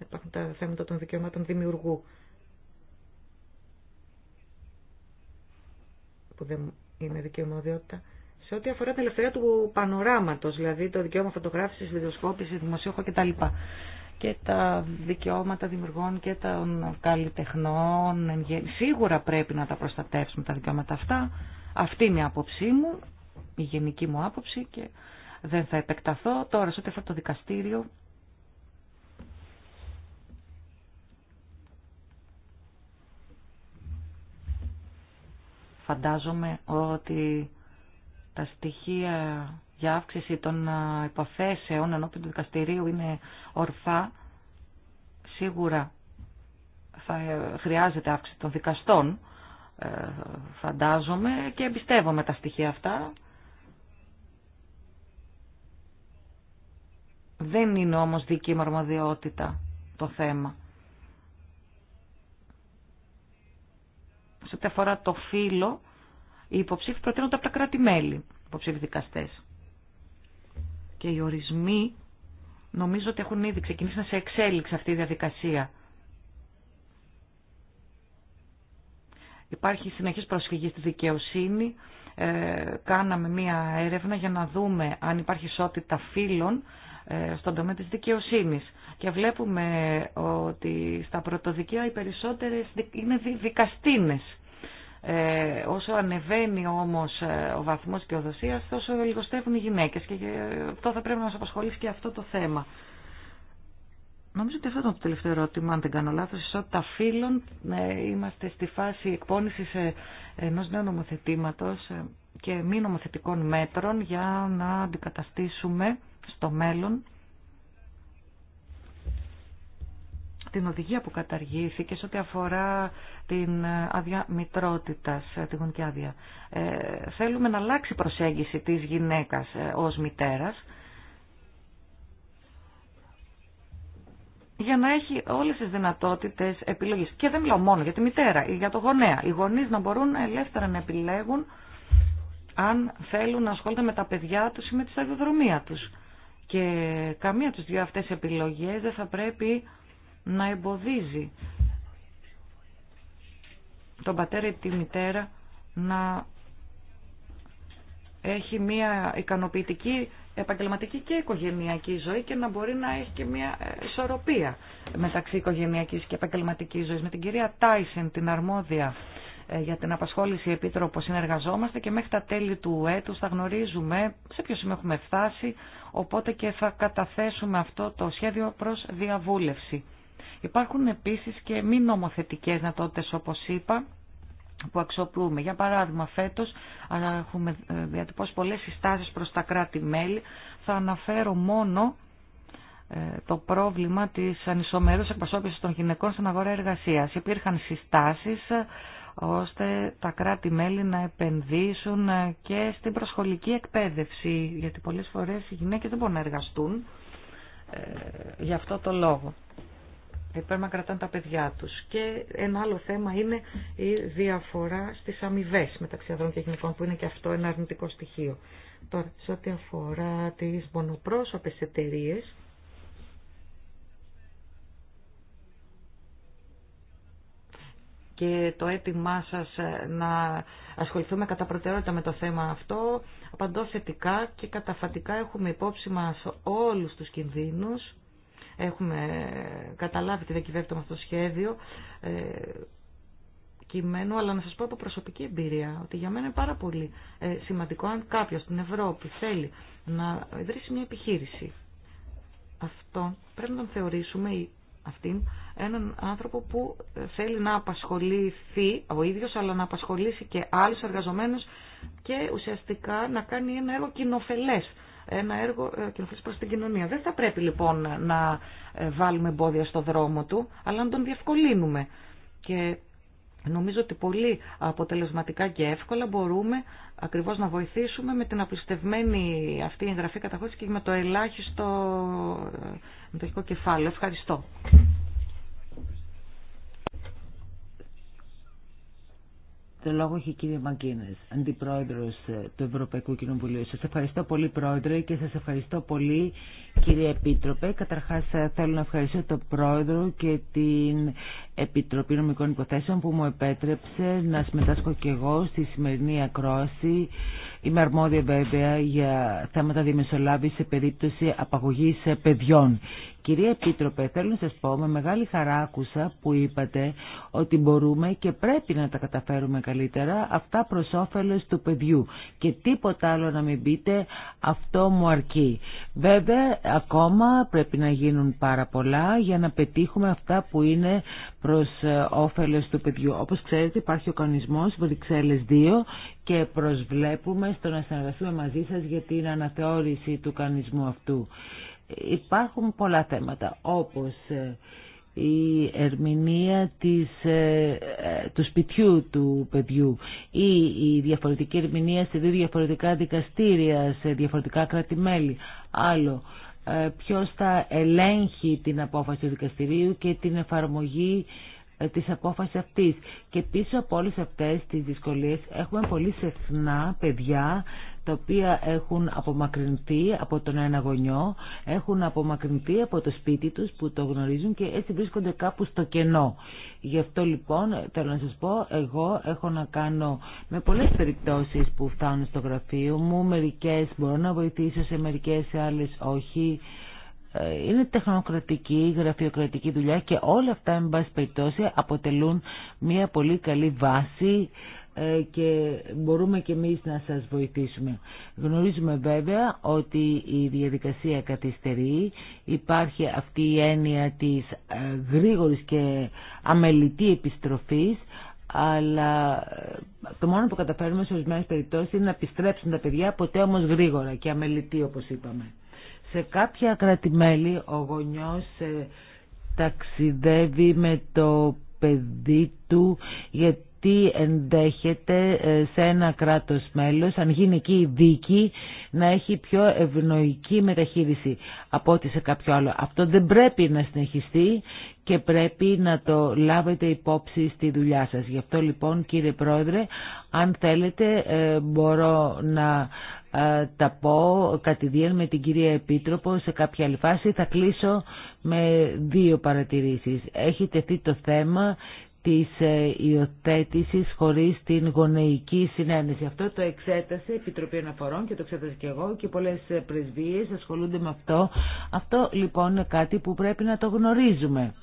S2: Υπάρχουν τα θέματα των δικαιωμάτων δημιουργού που δεν είναι δικαιωμοδιότητα, σε ό,τι αφορά την ελευθερία του πανοράματος, δηλαδή το δικαίωμα φωτογράφησης, βιντεοσκόπηση, δημοσίωχο κτλ. Και τα δικαιώματα δημιουργών και των καλλιτεχνών, σίγουρα πρέπει να τα προστατεύσουμε τα δικαιώματα αυτά. Αυτή είναι η άποψή μου, η γενική μου άποψη και δεν θα επεκταθώ. Τώρα, σε ό,τι αφορά το δικαστήριο, Φαντάζομαι ότι τα στοιχεία για αύξηση των υποθέσεων ενώπιν του δικαστηρίου είναι ορθά. Σίγουρα θα ε, χρειάζεται αύξηση των δικαστών, ε, φαντάζομαι, και εμπιστεύομαι τα στοιχεία αυτά. Δεν είναι όμως δική μου αρμοδιότητα το θέμα. σε ό,τι αφορά το φύλλο, οι υποψήφοι προτείνονται από τα κράτη-μέλη, υποψήφοι δικαστές. Και οι ορισμοί νομίζω ότι έχουν ήδη ξεκινήσει να σε εξέλιξη αυτή η διαδικασία. Υπάρχει συνεχής προσφυγή στη δικαιοσύνη. Ε, κάναμε μία έρευνα για να δούμε αν υπάρχει ισότητα φύλων ε, στον τομέα της δικαιοσύνης. Και βλέπουμε ότι στα πρωτοδικεία οι περισσότερες είναι δικαστίνες. Ε, όσο ανεβαίνει όμως ε, ο βαθμός κοιοδοσίας, τόσο λιγοστεύουν οι γυναίκες και ε, αυτό θα πρέπει να μας απασχολήσει και αυτό το θέμα. Νομίζω ότι αυτό ήταν το τελευταίο ερώτημα, αν δεν κάνω λάθος, ισότητα φύλων. είμαστε στη φάση εκπόνησης ενός νέου νομοθετήματος και μη νομοθετικών μέτρων για να αντικαταστήσουμε στο μέλλον την οδηγία που καταργήθηκε σε ό,τι αφορά την ε, άδεια μητρότητας, ε, τη γονική άδεια. Ε, θέλουμε να αλλάξει η προσέγγιση της γυναίκας ε, ως μητέρας για να έχει όλες τις δυνατότητες επιλογής. Και δεν μιλάω μόνο για τη μητέρα ή για το γονέα. Οι γονείς να μπορούν ελεύθερα να επιλέγουν αν θέλουν να ασχολούνται με τα παιδιά τους ή με τη σταδιοδρομία τους. Και καμία από τις δύο αυτές επιλογές δεν θα πρέπει να εμποδίζει τον πατέρα ή τη μητέρα να έχει μια ικανοποιητική επαγγελματική και οικογενειακή ζωή και να μπορεί να έχει και μια ισορροπία μεταξύ οικογενειακής και επαγγελματικής ζωής. Με την κυρία Τάισεν, την αρμόδια ε, για την απασχόληση επίτροπο συνεργαζόμαστε και μέχρι τα τέλη του έτους θα γνωρίζουμε σε ποιο σημείο έχουμε φτάσει, οπότε και θα καταθέσουμε αυτό το σχέδιο προς διαβούλευση. Υπάρχουν επίσης και μη νομοθετικές δυνατότητες όπως είπα, που αξιοποιούμε. Για παράδειγμα, φέτος έχουμε ε, διατυπώσει πολλές συστάσεις προς τα κράτη-μέλη. Θα αναφέρω μόνο ε, το πρόβλημα της ανισομερούς εκπροσώπησης των γυναικών στην αγορά εργασίας. Υπήρχαν συστάσεις ώστε τα κράτη-μέλη να επενδύσουν και στην προσχολική εκπαίδευση, γιατί πολλές φορές οι γυναίκες δεν μπορούν να εργαστούν ε, γι' αυτό το λόγο. πρέπει να κρατάνε τα παιδιά τους. Και ένα άλλο θέμα είναι η διαφορά στις αμοιβέ μεταξύ ανδρών και γυναικών, που είναι και αυτό ένα αρνητικό στοιχείο. Τώρα, σε ό,τι αφορά τις μονοπρόσωπες εταιρείε, και το έτοιμά σας ε, να ασχοληθούμε κατά προτεραιότητα με το θέμα αυτό. Απαντώ θετικά και καταφατικά έχουμε υπόψη μας όλους τους κινδύνους. Έχουμε ε, καταλάβει τη διακυβεύτητα με αυτό το σχέδιο ε, κειμένου, αλλά να σας πω από προσωπική εμπειρία ότι για μένα είναι πάρα πολύ σημαντικό αν κάποιος στην Ευρώπη θέλει να ιδρύσει μια επιχείρηση. Αυτό πρέπει να τον θεωρήσουμε αυτήν έναν άνθρωπο που θέλει να απασχοληθεί ο ίδιος αλλά να απασχολήσει και άλλους εργαζομένους και ουσιαστικά να κάνει ένα έργο κοινοφελές ένα έργο ε, κοινοφελές προς την κοινωνία. Δεν θα πρέπει λοιπόν να ε, βάλουμε εμπόδια στο δρόμο του αλλά να τον διευκολύνουμε. Και Νομίζω ότι πολύ αποτελεσματικά και εύκολα μπορούμε ακριβώς να βοηθήσουμε με την απλουστευμένη αυτή εγγραφή καταχώρηση και με το ελάχιστο ε, μετοχικό κεφάλαιο. Ευχαριστώ. Το λόγο έχει η κυρία Μαγκίνε, Αντιπρόεδρος ε, του Ευρωπαϊκού Κοινοβουλίου. Σας ευχαριστώ πολύ Πρόεδρε και σας ευχαριστώ πολύ κύριε Επίτροπε. Καταρχάς ε, θέλω να ευχαριστήσω τον Πρόεδρο και την Επιτροπή Νομικών Υποθέσεων που μου επέτρεψε να συμμετάσχω και εγώ στη σημερινή ακρόαση. Είμαι αρμόδια βέβαια για θέματα διαμεσολάβηση σε περίπτωση απαγωγής ε, παιδιών. Κυρία Επίτροπε, θέλω να σας πω, με μεγάλη χαρά άκουσα που είπατε ότι μπορούμε και πρέπει να τα καταφέρουμε καλύτερα αυτά προ όφελο του παιδιού και τίποτα άλλο να μην πείτε αυτό μου αρκεί. Βέβαια, ακόμα πρέπει να γίνουν πάρα πολλά για να πετύχουμε αυτά που είναι προς ε, όφελο του παιδιού. Όπως ξέρετε υπάρχει ο κανονισμός Βρυξέλλες 2 και προσβλέπουμε στο να συνεργαστούμε μαζί σας για την αναθεώρηση του κανονισμού αυτού. Υπάρχουν πολλά θέματα όπως ε, η ερμηνεία της, ε, ε, του σπιτιού του παιδιού ή η διαφορετική ερμηνεία σε δύο διαφορετικά δικαστήρια, σε διαφορετικά Άλλο, ποιος θα ελέγχει την απόφαση του δικαστηρίου και την εφαρμογή ε, της απόφασης αυτής. Και πίσω από όλες αυτές τις δυσκολίες έχουμε πολύ σεθνά παιδιά τα οποία έχουν απομακρυνθεί από τον ένα γονιό, έχουν απομακρυνθεί από το σπίτι τους που το γνωρίζουν και έτσι βρίσκονται κάπου στο κενό. Γι' αυτό λοιπόν θέλω να σας πω, εγώ έχω να κάνω με πολλές περιπτώσεις που φτάνουν στο γραφείο μου, μερικές μπορώ να βοηθήσω, σε μερικές σε άλλες όχι. Ε, είναι τεχνοκρατική, γραφειοκρατική δουλειά και όλα αυτά, εν πάση περιπτώσει, αποτελούν μια πολύ καλή βάση ε, και μπορούμε και εμείς να σας βοηθήσουμε. Γνωρίζουμε βέβαια ότι η διαδικασία καθυστερεί, υπάρχει αυτή η έννοια της ε, γρήγορης και αμελητή επιστροφής, αλλά το μόνο που καταφέρουμε σε ορισμένε περιπτώσει είναι να επιστρέψουν τα παιδιά ποτέ όμως γρήγορα και αμελητή όπως είπαμε. Σε κάποια κρατημέλη ο γονιός ε, ταξιδεύει με το παιδί του γιατί ενδέχεται ε, σε ένα κράτος μέλος, αν γίνει εκεί η δίκη, να έχει πιο ευνοϊκή μεταχείριση από ό,τι σε κάποιο άλλο. Αυτό δεν πρέπει να συνεχιστεί και πρέπει να το λάβετε υπόψη στη δουλειά σας. Γι' αυτό λοιπόν κύριε Πρόεδρε, αν θέλετε ε, μπορώ να ε, τα πω κατηδίαν με την κυρία Επίτροπο σε κάποια άλλη φάση. Θα κλείσω με δύο παρατηρήσεις. Έχει τεθεί το θέμα της ε, υιοθέτηση χωρίς την γονεϊκή συνένεση. Αυτό το εξέτασε η Επιτροπή Αναφορών και το εξέτασε και εγώ και πολλές ε, πρεσβείες ασχολούνται με αυτό. Αυτό λοιπόν είναι κάτι που πρέπει να το γνωρίζουμε.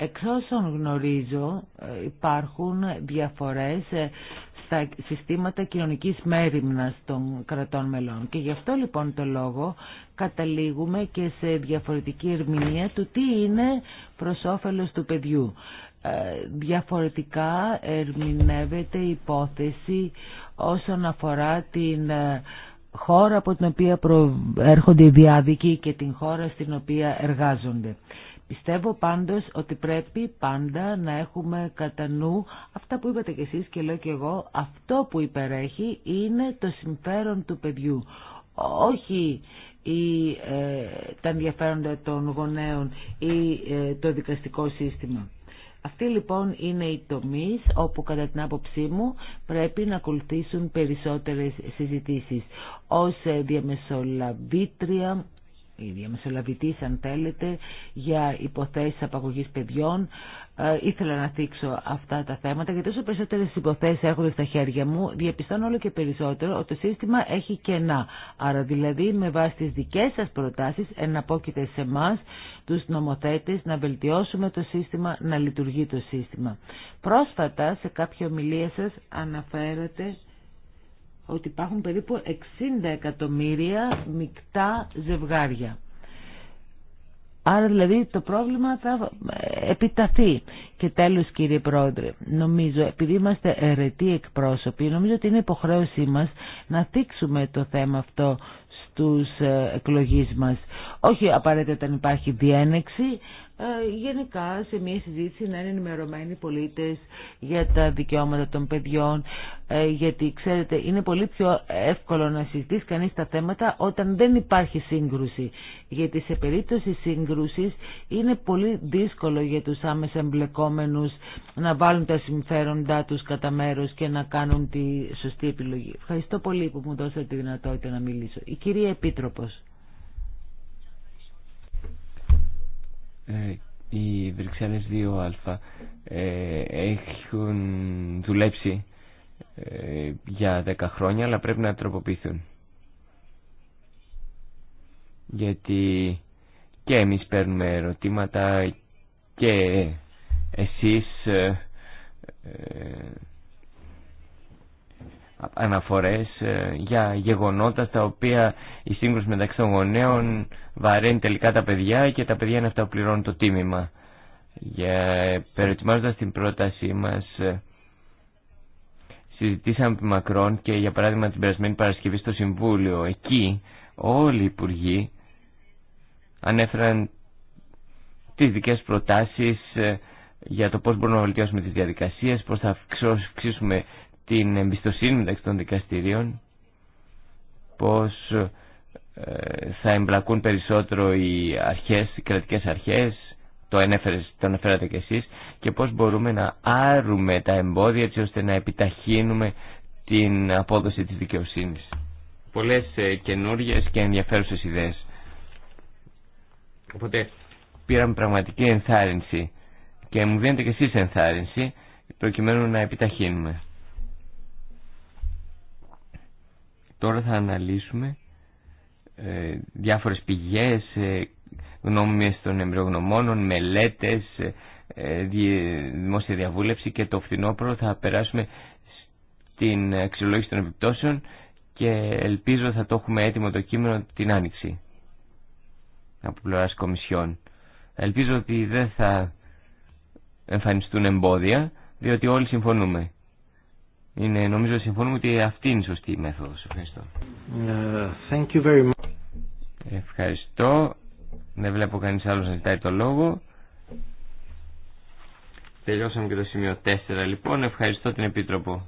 S2: Εξ όσων γνωρίζω υπάρχουν διαφορές στα συστήματα κοινωνικής μέρημνας των κρατών μελών. Και γι' αυτό λοιπόν το λόγο καταλήγουμε και σε διαφορετική ερμηνεία του τι είναι προς όφελος του παιδιού. Ε, διαφορετικά ερμηνεύεται η υπόθεση όσον αφορά την ε, χώρα από την οποία προέρχονται οι διάδικοι και την χώρα στην οποία εργάζονται. Πιστεύω πάντως ότι πρέπει πάντα να έχουμε κατά νου αυτά που είπατε κι εσείς και λέω κι εγώ, αυτό που υπερέχει είναι το συμφέρον του παιδιού. Όχι ή, ε, τα ενδιαφέροντα των γονέων ή ε, το δικαστικό σύστημα. αυτη λοιπόν είναι η τομης όπου κατά την άποψή μου πρέπει να ακολουθήσουν περισσότερες συζητήσεις. Ως ε, διαμεσολαβήτρια ή διαμεσολαβητή, αν θέλετε για υποθέσεις απαγωγής παιδιών. Ε, ήθελα να θίξω αυτά τα θέματα γιατί όσο περισσότερες υποθέσεις έχω στα χέρια μου διαπιστώνω όλο και περισσότερο ότι το σύστημα έχει κενά. Άρα δηλαδή με βάση τις δικές σας προτάσεις εναπόκειται σε εμά τους νομοθέτες να βελτιώσουμε το σύστημα, να λειτουργεί το σύστημα. Πρόσφατα σε κάποια ομιλία σας αναφέρατε ότι υπάρχουν περίπου 60 εκατομμύρια μεικτά ζευγάρια. Άρα δηλαδή το πρόβλημα θα ε, επιταθεί. Και τέλος κύριε Πρόεδρε, νομίζω επειδή είμαστε αιρετοί εκπρόσωποι, νομίζω ότι είναι υποχρέωσή μας να θίξουμε το θέμα αυτό στους ε, εκλογείς μας. Όχι απαραίτητα όταν υπάρχει διένεξη, ε, γενικά σε μια συζήτηση να είναι ενημερωμένοι οι πολίτες για τα δικαιώματα των παιδιών ε, γιατί ξέρετε είναι πολύ πιο εύκολο να συζητήσει κανείς τα θέματα όταν δεν υπάρχει σύγκρουση γιατί σε περίπτωση σύγκρουσης είναι πολύ δύσκολο για τους άμεσα εμπλεκόμενους να βάλουν τα συμφέροντά τους κατά μέρο και να κάνουν τη σωστή επιλογή. Ευχαριστώ πολύ που μου δώσατε τη δυνατότητα να μιλήσω. Η κυρία Επίτροπος.
S3: Ε, οι Βρυξέλλες 2α ε, έχουν δουλέψει ε, για 10 χρόνια αλλά πρέπει να τροποποιηθούν γιατί και εμείς παίρνουμε ερωτήματα και εσείς αναφορές ε, για γεγονότα στα οποία η σύγκρουση μεταξύ των γονέων βαραίνει τελικά τα παιδιά και τα παιδιά είναι αυτά που πληρώνουν το τίμημα. Για, την πρότασή μας ε, συζητήσαμε με Μακρόν και για παράδειγμα την περασμένη Παρασκευή στο Συμβούλιο. Εκεί όλοι οι υπουργοί ανέφεραν τις δικές προτάσεις ε, για το πώς μπορούμε να βελτιώσουμε τις διαδικασίες, πώς θα αυξήσουμε την εμπιστοσύνη μεταξύ των δικαστηρίων, πώς ε, θα εμπλακούν περισσότερο οι αρχές, οι κρατικές αρχές, το, το αναφέρατε και εσείς, και πώς μπορούμε να άρουμε τα εμπόδια έτσι ώστε να επιταχύνουμε την απόδοση της δικαιοσύνης. Πολλές ε, καινούριε και ενδιαφέρουσες ιδέες. Οπότε πήραμε πραγματική ενθάρρυνση και μου δίνετε κι εσείς ενθάρρυνση προκειμένου να επιταχύνουμε. Τώρα θα αναλύσουμε ε, διάφορες πηγές, ε, των εμπειρογνωμόνων, μελέτες, ε, ε δημόσια διαβούλευση και το φθινόπωρο θα περάσουμε στην αξιολόγηση των επιπτώσεων και ελπίζω θα το έχουμε έτοιμο το κείμενο την Άνοιξη από πλευράς κομισιών. Ελπίζω ότι δεν θα εμφανιστούν εμπόδια, διότι όλοι συμφωνούμε. Είναι, νομίζω συμφωνούμε ότι αυτή είναι η σωστή μέθοδο. Ευχαριστώ.
S1: Ε, Ευχαριστώ.
S3: Δεν βλέπω κανεί άλλο να ζητάει το λόγο. Τελειώσαμε και το σημείο 4 λοιπόν. Ευχαριστώ την Επίτροπο.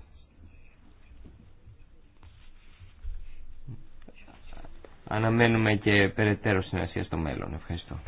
S3: Αναμένουμε και περαιτέρω συνεργασία στο μέλλον. Ευχαριστώ.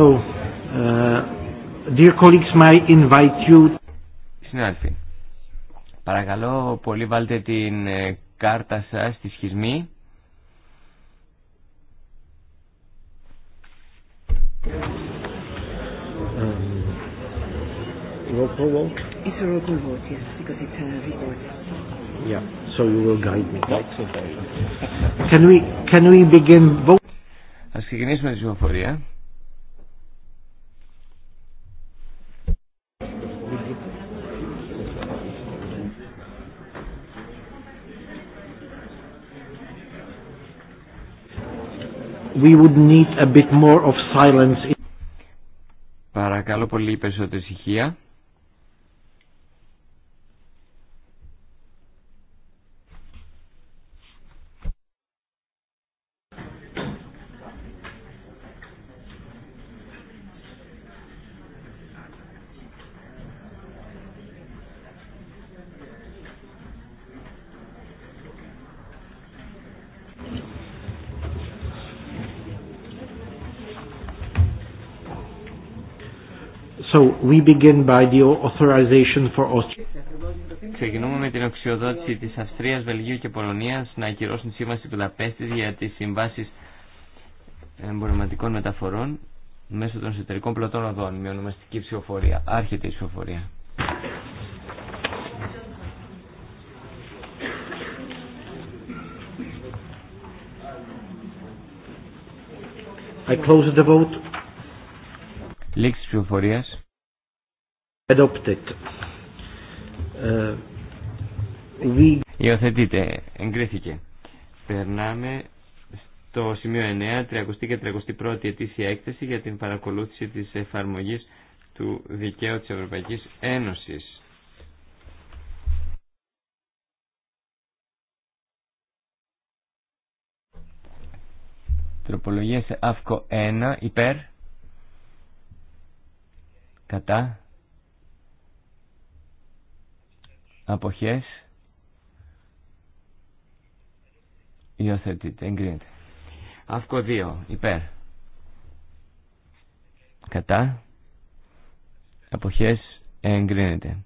S1: So, uh, dear colleagues, may invite you...
S3: Συνάδελφοι, παρακαλώ πολύ βάλτε την ε, κάρτα σας στη σχισμή.
S1: Um, so you will guide me. can we, Ας ξεκινήσουμε τη we would need a bit more of silence.
S3: Παρακαλώ πολύ περισσότερη ησυχία.
S1: We begin by the authorization for
S3: Ξεκινούμε με την οξιοδότηση της Αυστρίας, Βελγίου και Πολωνίας να ακυρώσουν σύμβαση Λαπέστη για τις συμβάσεις
S1: εμπορευματικών
S3: μεταφορών μέσω των εσωτερικών πλωτών οδών με ονομαστική ψηφοφορία. Άρχεται η ψηφοφορία. I close the vote. Λήξη ψηφοφορίας.
S1: Adopted. Uh, we...
S3: Υιοθετείτε. Εγκρίθηκε. Περνάμε στο σημείο 9, 30 και 31η ετήσια έκθεση για την παρακολούθηση της εφαρμογής του δικαίου της Ευρωπαϊκής Ένωσης. Τροπολογία σε ΑΦΚΟ 1, υπέρ, κατά, αποχές υιοθετείται, εγκρίνεται. Αύκο 2, υπέρ. Κατά. Αποχές εγκρίνεται.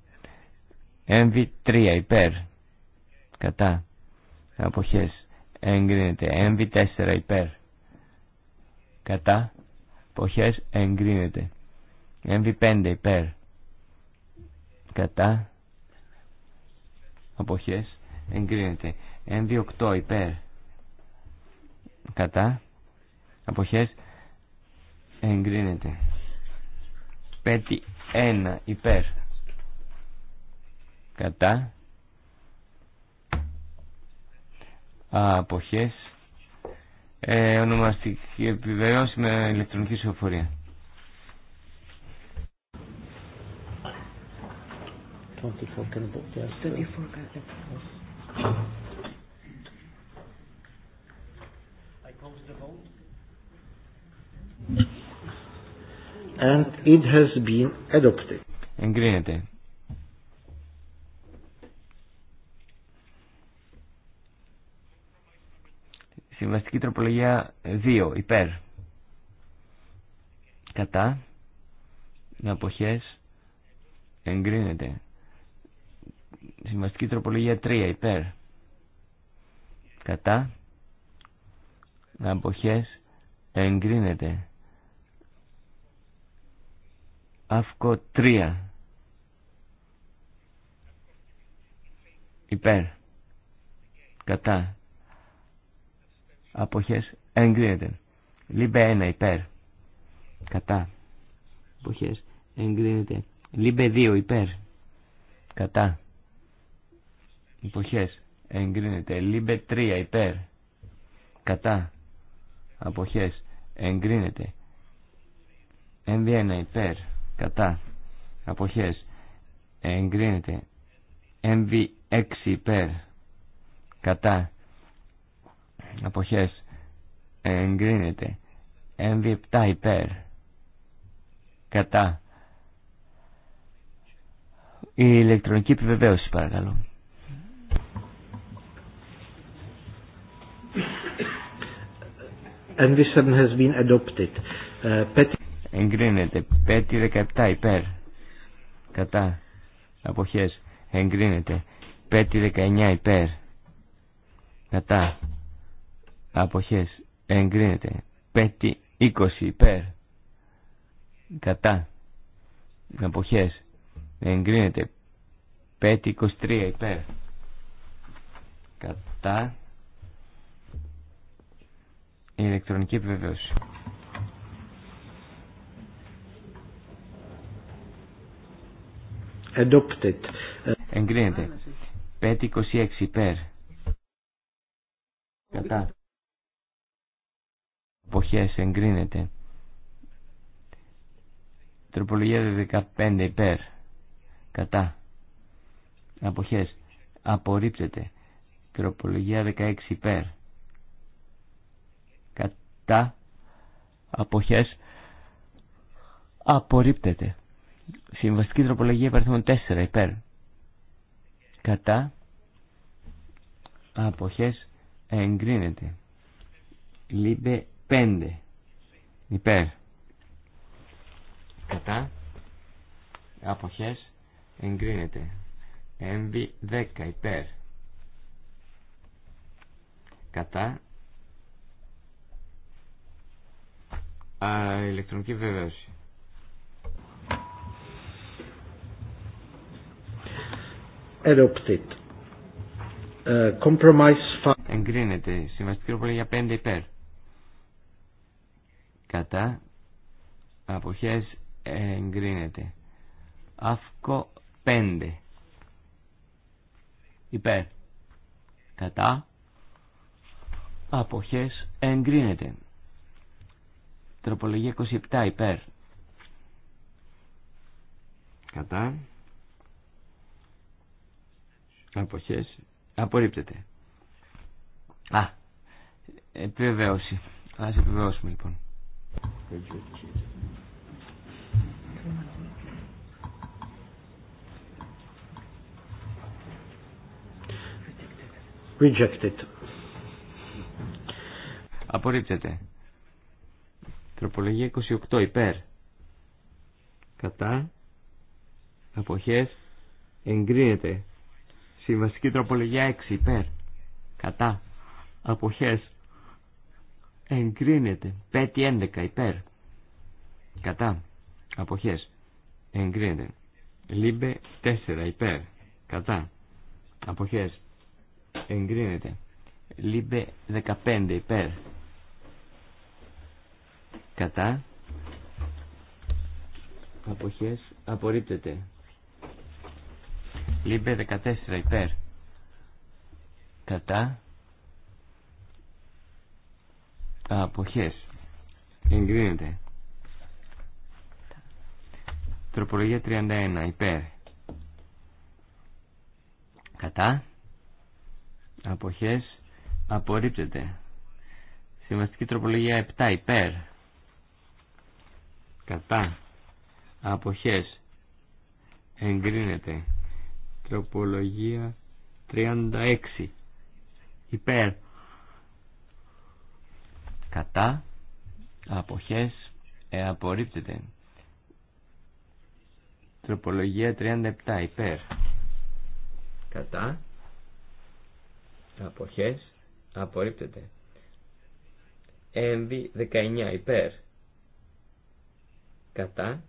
S3: Έμβη 3, υπέρ. Κατά. Αποχές εγκρίνεται. Έμβη 4, υπέρ. Κατά. Αποχές εγκρίνεται. Έμβη 5, υπέρ. Κατά αποχές εγκρίνεται. NV8 υπέρ κατά αποχές Πέτει ένα υπέρ κατά αποχές ε, ονομαστική επιβεβαίωση με ηλεκτρονική σοφορία. And
S1: it
S3: Εγκρίνεται. Συμβαστική τροπολογία 2. Υπέρ. Κατά. Αποχές. Εγκρίνεται. Συμβαστική τροπολογία 3 υπέρ. Κατά. Αποχές εγκρίνεται. Αύκο 3. Υπέρ. Κατά. Αποχές εγκρίνεται. Λίμπε 1 υπέρ. Κατά. Αποχές εγκρίνεται. Λίμπε 2 υπέρ. Κατά. Αποχές. Εγκρίνεται. Λίμπε 3 υπέρ. Κατά. Αποχές. Εγκρίνεται. MV1 υπέρ. Κατά. Αποχές. Εγκρίνεται. MV6 υπέρ. Κατά. Αποχές. Εγκρίνεται. MV7 υπέρ. Κατά. Η ηλεκτρονική επιβεβαίωση παρακαλώ.
S1: this 7 has been adopted.
S3: Uh, Εγκρίνεται. 5 17 υπέρ. Κατά. Αποχές. Εγκρίνεται. 5 19 υπέρ. Κατά. Αποχές. Εγκρίνεται. 5 20 υπέρ. Κατά. Αποχές. Εγκρίνεται. 5 23 υπέρ. Κατά. Η ηλεκτρονική επιβεβαίωση. Adopted. Εγκρίνεται. 526 υπέρ. Κατά. Εποχές εγκρίνεται. Τροπολογία 15 υπέρ. Κατά. Αποχές. Απορρίπτεται. Τροπολογία 16 υπέρ. Τα αποχές απορρίπτεται. Συμβαστική τροπολογία υπαριθμών 4 υπέρ κατά αποχές εγκρίνεται. Λίμπε 5 υπέρ κατά αποχές εγκρίνεται. Έμβη 10 υπέρ κατά α, ηλεκτρονική βεβαίωση.
S1: Adopted. Uh, compromise
S3: Εγκρίνεται. Συμβαστική για 5 υπέρ. Κατά. Αποχές εγκρίνεται. Αύκο 5. Υπέρ. Κατά. Αποχές εγκρίνεται. Τροπολογία 27 υπέρ. Κατά. Αποχές. Απορρίπτεται. Α. Επιβεβαίωση. Ας επιβεβαιώσουμε λοιπόν.
S1: Rejected.
S3: Απορρίπτεται. Τροπολογία 28 υπέρ. Κατά. Αποχές. Εγκρίνεται. Συμβαστική τροπολογία 6 υπέρ. Κατά. Αποχές. Εγκρίνεται. 5 11 υπέρ. Κατά. Αποχές. Εγκρίνεται. Λίμπε 4 υπέρ. Κατά. Αποχές. Εγκρίνεται. Λίμπε 15 υπέρ κατά αποχές απορρίπτεται λίμπε 14 υπέρ κατά αποχές εγκρίνεται τροπολογία 31 υπέρ κατά αποχές απορρίπτεται σημαστική τροπολογία 7 υπέρ κατά αποχές εγκρίνεται τροπολογία 36 υπέρ κατά αποχές ε, απορρίπτεται τροπολογία 37 υπέρ κατά αποχές απορρίπτεται έμβη 19 υπέρ κατά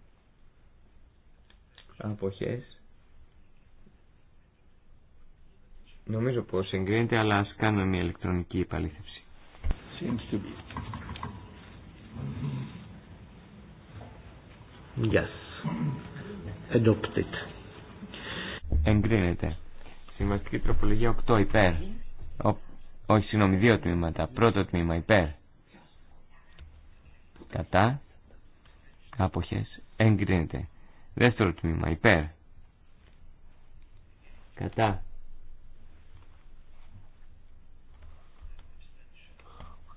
S3: αποχές νομίζω πως εγκρίνεται αλλά ας κάνουμε μια ηλεκτρονική υπαλήθευση Seems to be. Yes. Adopted. Εγκρίνεται. Σημαντική τροπολογία 8 υπέρ. όχι, συγγνώμη, δύο τμήματα. Πρώτο τμήμα υπέρ. Κατά. Αποχές. Εγκρίνεται. Δεύτερο τμήμα. Υπέρ. Κατά.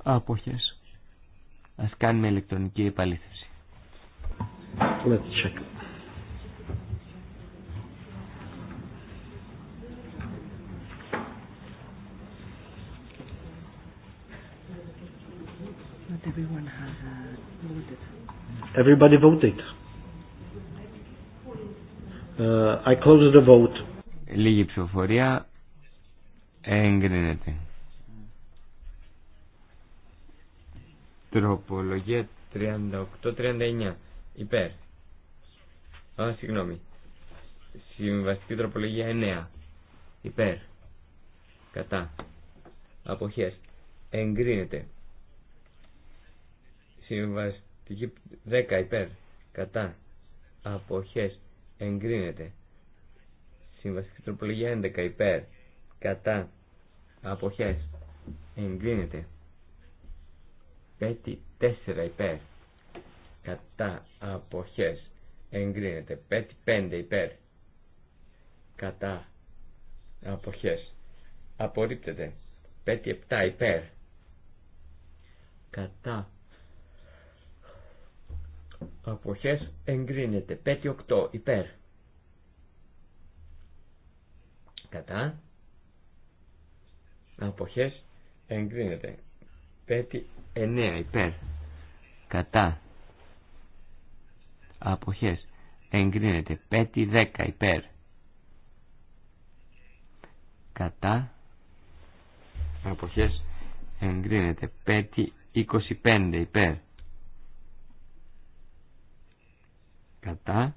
S3: Αποχές. Ας κάνουμε ηλεκτρονική επαλήθευση.
S1: Let's check.
S2: Not everyone has uh,
S1: a Everybody voted. Uh, I closed the vote.
S3: Λίγη ψηφοφορία εγκρίνεται. Τροπολογία 38-39. Υπέρ. Α, συγγνώμη. Συμβαστική τροπολογία 9. Υπέρ. Κατά. Αποχές. Εγκρίνεται. Συμβαστική συμβαστική 10 υπέρ κατά αποχές εγκρίνεται συμβαστική τροπολογία 11 υπέρ κατά αποχές εγκρίνεται 5 4 υπέρ κατά αποχές εγκρίνεται 5 5 υπέρ κατά αποχές απορρίπτεται 5 7 υπέρ κατά αποχές εγκρίνεται. 5-8 υπέρ. Κατά. Αποχές εγκρίνεται. 5-9 υπέρ. Κατά. Αποχές εγκρίνεται. 5-10 υπέρ. Κατά. Αποχές εγκρίνεται. 5-25 υπέρ κατά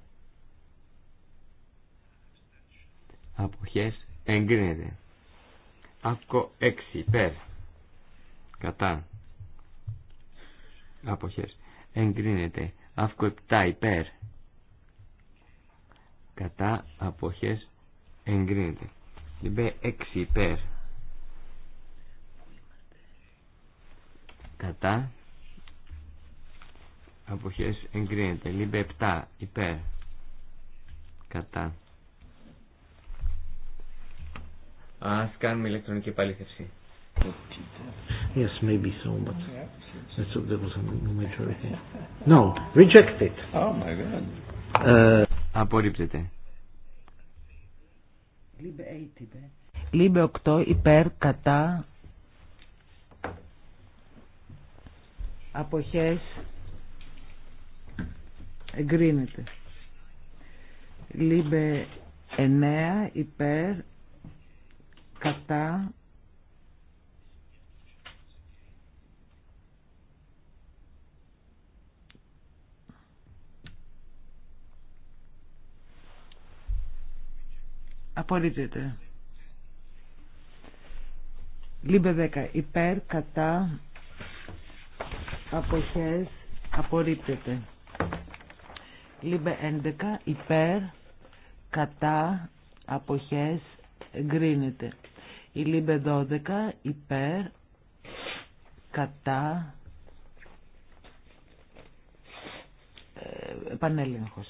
S3: αποχές εγκρίνεται αύκο 6 υπέρ κατά αποχές εγκρίνεται αύκο 7 υπέρ κατά αποχές εγκρίνεται Λιμπέ 6 υπέρ κατά αποχές εγκρίνεται. Λίμπε 7 υπέρ κατά. Ας κάνουμε ηλεκτρονική επαλήθευση.
S1: Yes, maybe so, but let's hope there was a majority. No,
S2: it. Oh my God. Uh, Απορρίπτεται. Λίμπε 8 υπέρ κατά αποχές εγκρίνεται. Λίμπε εννέα υπέρ κατά απορρίπτεται. Λίμπε δέκα υπέρ κατά αποχές απορρίπτεται. Λίμπε 11 υπέρ κατά αποχές εγκρίνεται. Η Λίμπε 12 υπέρ κατά ε, επανέλεγχος.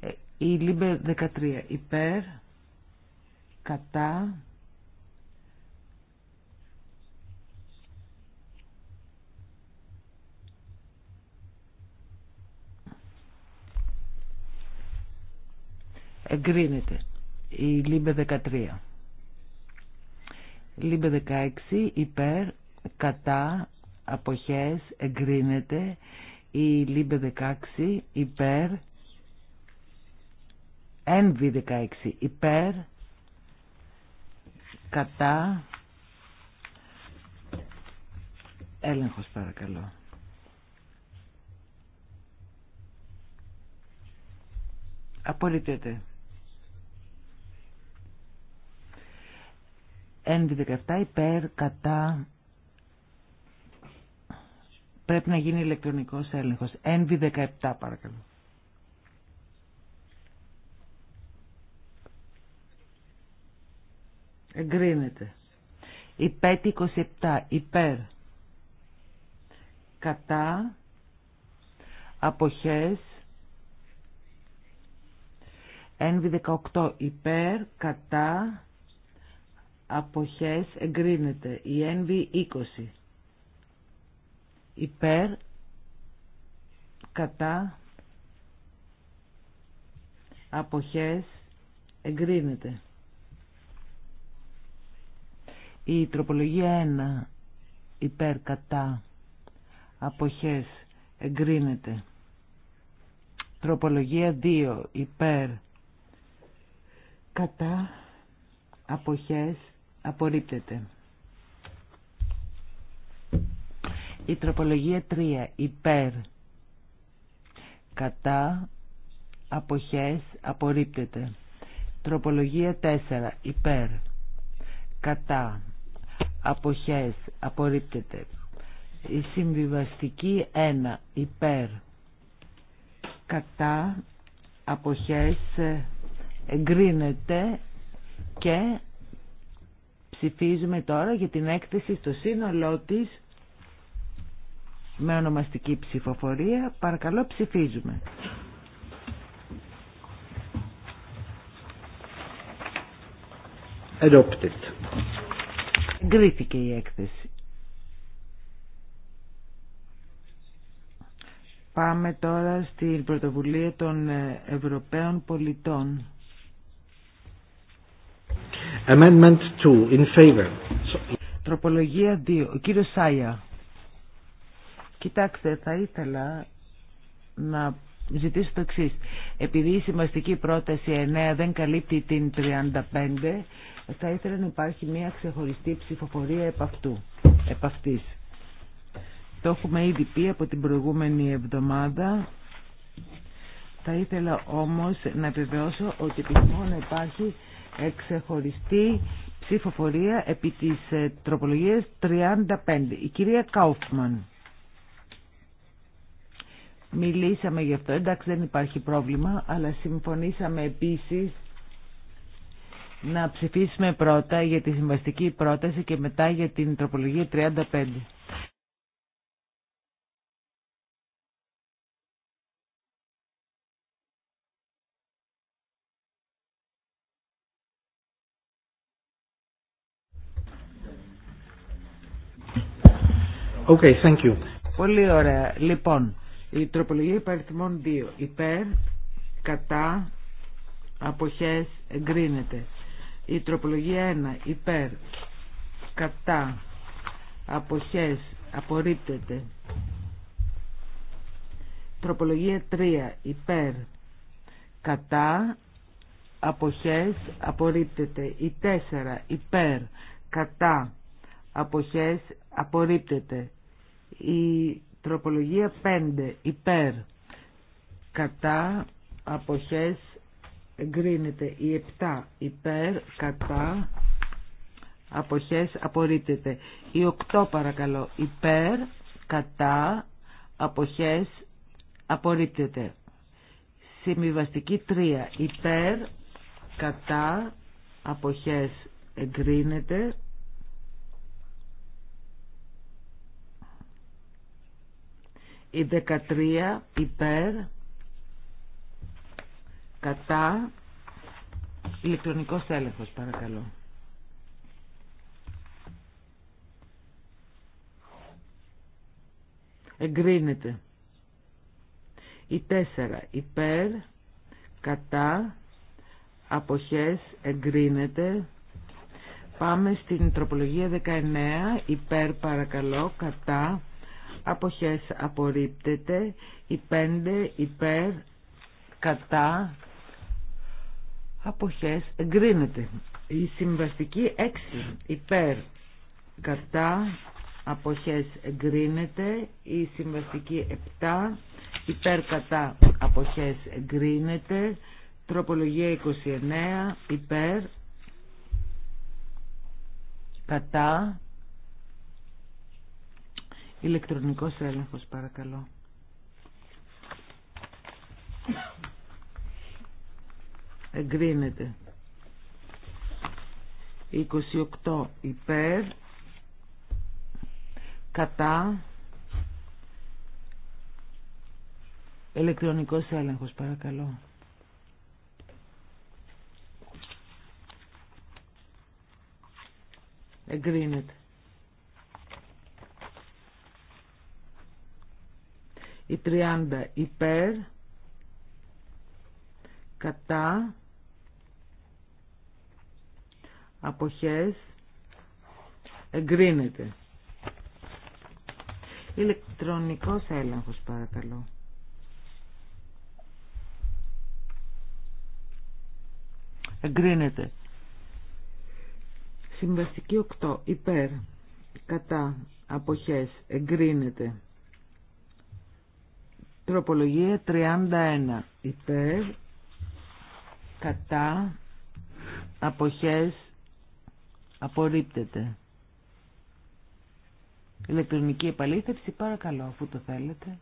S2: Ε, η Λίμπε 13 υπέρ κατά εγκρίνεται η λίμπε 13 λίμπε 16 υπέρ κατά αποχές εγκρίνεται η λίμπε 16 υπέρ ...ΕΝΒΙ 16 υπέρ κατά έλεγχος απολύτεται Απολιτέτε. 11-17 υπέρ κατά πρέπει να γίνει ηλεκτρονικός έλεγχος NV17 παρακαλώ Εγκρίνεται. Η 527 υπέρ. Κατά. Αποχές. Ένβι 18 υπέρ. Κατά. Αποχές. Εγκρίνεται. Η ένβι 20. Υπέρ. Κατά. Αποχές. Εγκρίνεται. Η τροπολογία 1 υπέρ κατά αποχές εγκρίνεται. Τροπολογία 2 υπέρ κατά αποχές απορρίπτεται. Η τροπολογία 3 υπέρ κατά αποχές απορρίπτεται. Τροπολογία 4 υπέρ κατά αποχές απορρίπτεται η συμβιβαστική 1 υπέρ κατά αποχές εγκρίνεται και ψηφίζουμε τώρα για την έκθεση στο σύνολό της με ονομαστική ψηφοφορία. Παρακαλώ ψηφίζουμε. Adopted εγκρίθηκε η έκθεση. Πάμε τώρα στην πρωτοβουλία των Ευρωπαίων πολιτών.
S1: Amendment 2 in favor.
S2: Τροπολογία 2. Ο κύριο Σάια. Κοιτάξτε, θα ήθελα να ζητήσω το εξή. Επειδή η σημαστική πρόταση 9 δεν καλύπτει την 35, θα ήθελα να υπάρχει μια ξεχωριστή ψηφοφορία επ, αυτού, επ αυτής. Το έχουμε ήδη πει από την προηγούμενη εβδομάδα. Θα ήθελα όμως να επιβεβαιώσω ότι επιθυμώ να υπάρχει ε, ξεχωριστή ψηφοφορία επί της ε, τροπολογίας 35. Η κυρία Κάουφμαν. Μιλήσαμε γι' αυτό, εντάξει δεν υπάρχει πρόβλημα, αλλά συμφωνήσαμε επίσης να ψηφίσουμε πρώτα για τη συμβαστική πρόταση και μετά για την τροπολογία 35. Okay, thank you. Πολύ ωραία. Λοιπόν, η τροπολογία υπαριθμών 2. Υπέρ, κατά, αποχές, εγκρίνεται. Η τροπολογία 1 υπέρ κατά αποχές απορρίπτεται. Τροπολογία 3 υπέρ κατά αποχές απορρίπτεται. Η 4 υπέρ κατά αποχές απορρίπτεται. Η τροπολογία 5 υπέρ κατά αποχές εγκρίνεται η 7 υπέρ κατά αποχές απορρίπτεται η 8 παρακαλώ υπέρ κατά αποχές απορρίπτεται συμβιβαστική 3 υπέρ κατά αποχές εγκρίνεται η 13 υπέρ Κατά. ηλεκτρονικό έλεγχος παρακαλώ. Εγκρίνεται. Η 4 υπέρ. Κατά. Αποχές εγκρίνεται. Πάμε στην τροπολογία 19, υπέρ παρακαλώ, κατά, αποχές απορρίπτεται, η 5, υπέρ, κατά, αποχές εγκρίνεται. Η συμβαστική 6 υπέρ κατά αποχές εγκρίνεται. Η συμβαστική 7 υπέρ κατά αποχές εγκρίνεται. Τροπολογία 29 υπέρ κατά ηλεκτρονικός έλεγχος παρακαλώ εγκρίνεται 28 υπέρ κατά ηλεκτρονικός έλεγχος παρακαλώ εγκρίνεται η 30 υπέρ κατά αποχές εγκρίνεται. Ηλεκτρονικός έλεγχος παρακαλώ. Εγκρίνεται. Συμβαστική 8. Υπέρ. Κατά. Αποχές. Εγκρίνεται. Τροπολογία 31. Υπέρ. Κατά. Αποχές. Απορρίπτεται. Ηλεκτρονική επαλήθευση, παρακαλώ, αφού το θέλετε.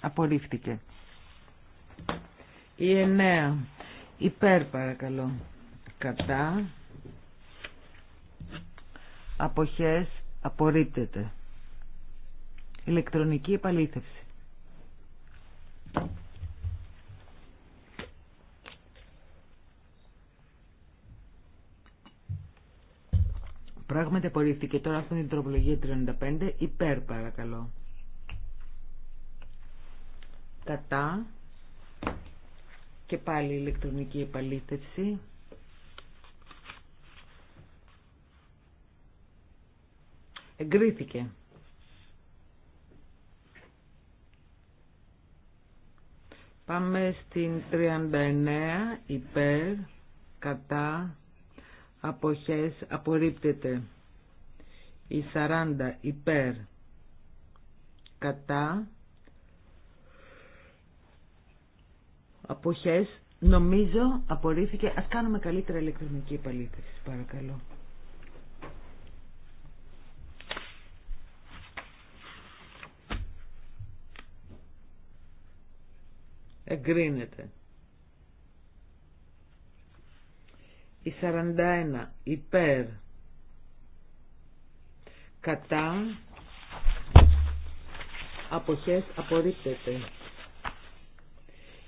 S2: Απορρίφθηκε. Η εννέα. Υπέρ παρακαλώ. Κατά. Αποχές απορρίπτεται. Ηλεκτρονική επαλήθευση. Πράγματι απορρίφθηκε. Τώρα αυτή την τροπολογία 35. Υπέρ παρακαλώ. Κατά. Και πάλι ηλεκτρονική επαλήθευση. Εγκρίθηκε. Πάμε στην 39 υπέρ κατά αποχές απορρίπτεται. Η 40 υπέρ κατά αποχές νομίζω απορρίφθηκε. Ας κάνουμε καλύτερα ηλεκτρονική επαλήθευση παρακαλώ. Εγκρίνεται. Η 41 υπέρ κατά αποχές απορρίπτεται.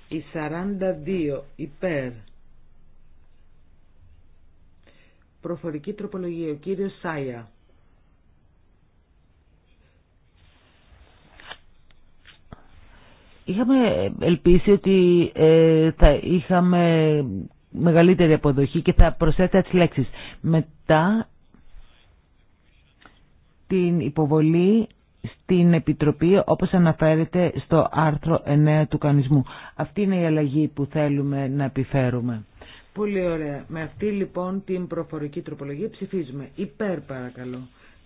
S2: Η 42 υπέρ προφορική τροπολογία ο κύριος Σάια. Είχαμε ελπίσει ότι ε, θα είχαμε μεγαλύτερη αποδοχή και θα προσθέτει τις λέξεις. Μετά την υποβολή στην Επιτροπή όπως αναφέρεται στο άρθρο 9 του κανισμού. Αυτή είναι η αλλαγή που θέλουμε να επιφέρουμε. Πολύ ωραία. Με αυτή λοιπόν την προφορική τροπολογία ψηφίζουμε. Υπέρ παρακαλώ.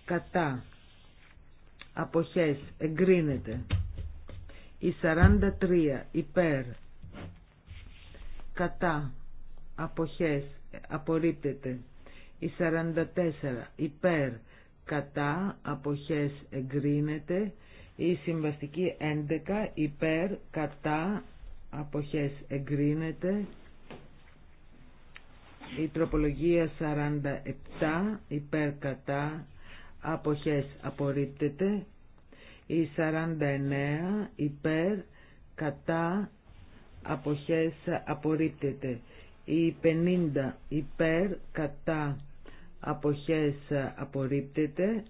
S2: Κατά. Αποχές. Εγκρίνεται. Η 43. Υπέρ. Κατά αποχές απορρίπτεται. Η 44 υπέρ κατά αποχές εγκρίνεται. Η συμβαστική 11 υπέρ κατά αποχές εγκρίνεται. Η τροπολογία 47 υπέρ κατά αποχές απορρίπτεται. Η 49 υπέρ κατά αποχές απορρίπτεται. Οι 50 υπέρ κατά αποχές ε, απορρίπτεται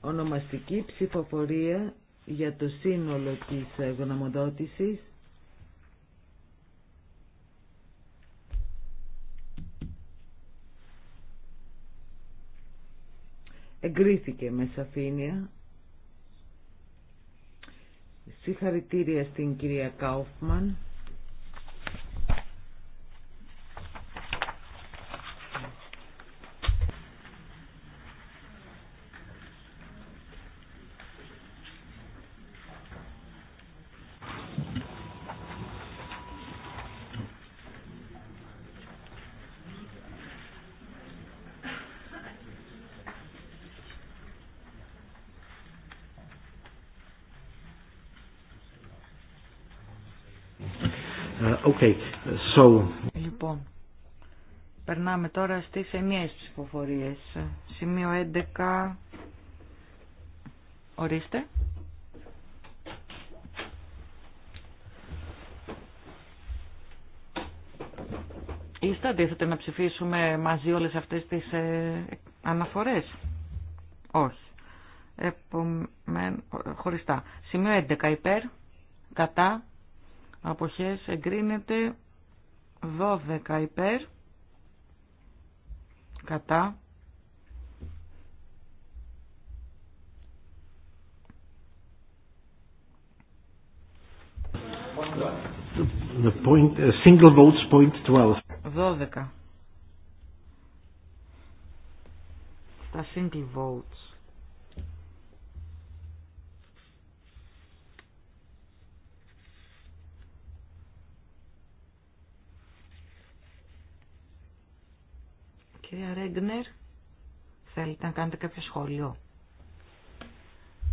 S2: ονομαστική ψηφοφορία για το σύνολο της ε, γνωμοδότησης εγκρίθηκε με σαφήνεια συγχαρητήρια στην κυρία Κάουφμαν πάμε τώρα στις ενιαίες ψηφοφορίες. Σημείο 11. Ορίστε. Είστε αντίθετοι να ψηφίσουμε μαζί όλες αυτές τις ε, αναφορές. Όχι. Επομέν, χωριστά. Σημείο 11 υπέρ, κατά, αποχές εγκρίνεται 12 υπέρ, κατά
S1: The point, single votes point 12.
S2: 12. Τα single votes. Κυρία Ρέγκνερ, θέλετε να κάνετε κάποιο σχόλιο.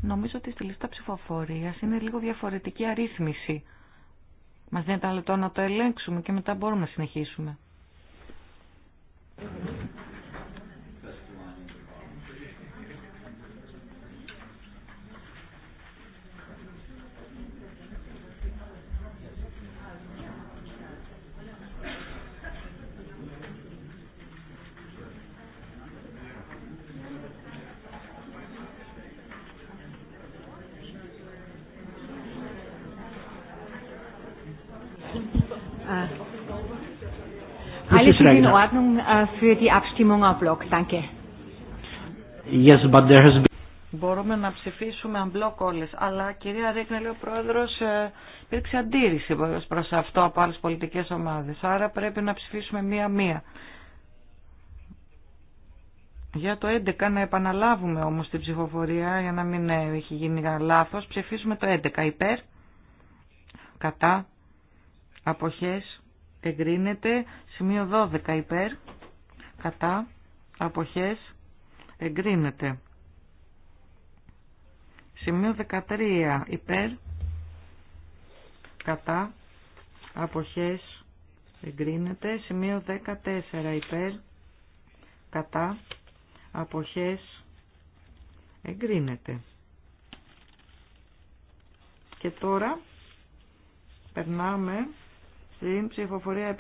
S2: Νομίζω ότι στη λίστα ψηφοφορία είναι λίγο διαφορετική αρρύθμιση. Μας δίνεται ένα λεπτό να το ελέγξουμε και μετά μπορούμε να συνεχίσουμε. in Ordnung øh, für die Abstimmung am er Block. Danke.
S1: Yes, but there has been...
S2: Μπορούμε να ψηφίσουμε μπλοκ όλε. αλλά κυρία Ρίκνε, λέει ο Πρόεδρος, ε, υπήρξε αντίρρηση προ αυτό από άλλε πολιτικέ ομάδε. άρα πρέπει να ψηφίσουμε μία-μία. Για το 11 να επαναλάβουμε όμω την ψηφοφορία για να μην ε, έχει γίνει λάθο, Ψηφίσουμε το 11 υπέρ, κατά, αποχές, εγκρίνεται. Σημείο 12 υπέρ, κατά, αποχές, εγκρίνεται. Σημείο 13 υπέρ, κατά, αποχές, εγκρίνεται. Σημείο 14 υπέρ, κατά, αποχές, εγκρίνεται. Και τώρα περνάμε στην ψηφοφορία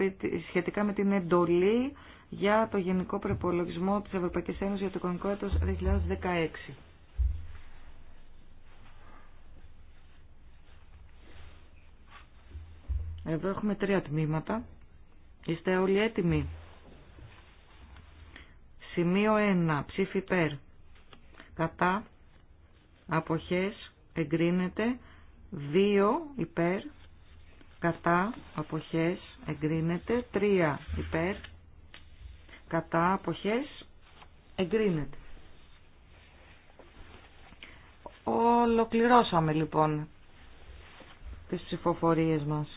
S2: σχετικά με την εντολή για το Γενικό Προπολογισμό της Ευρωπαϊκής Ένωσης για το οικονομικό έτος 2016. Εδώ έχουμε τρία τμήματα. Είστε όλοι έτοιμοι. Σημείο 1. Ψήφι υπέρ. Κατά. Αποχές. Εγκρίνεται. 2. Υπέρ κατά αποχές εγκρίνεται Τρία υπέρ κατά αποχές εγκρίνεται Ολοκληρώσαμε λοιπόν τις ψηφοφορίες μας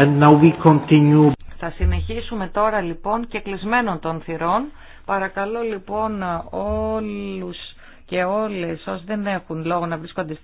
S2: And now we
S1: continue.
S2: Θα συνεχίσουμε τώρα λοιπόν και κλεισμένων των θυρών Παρακαλώ λοιπόν όλους και όλες όσοι δεν έχουν λόγο να βρίσκονται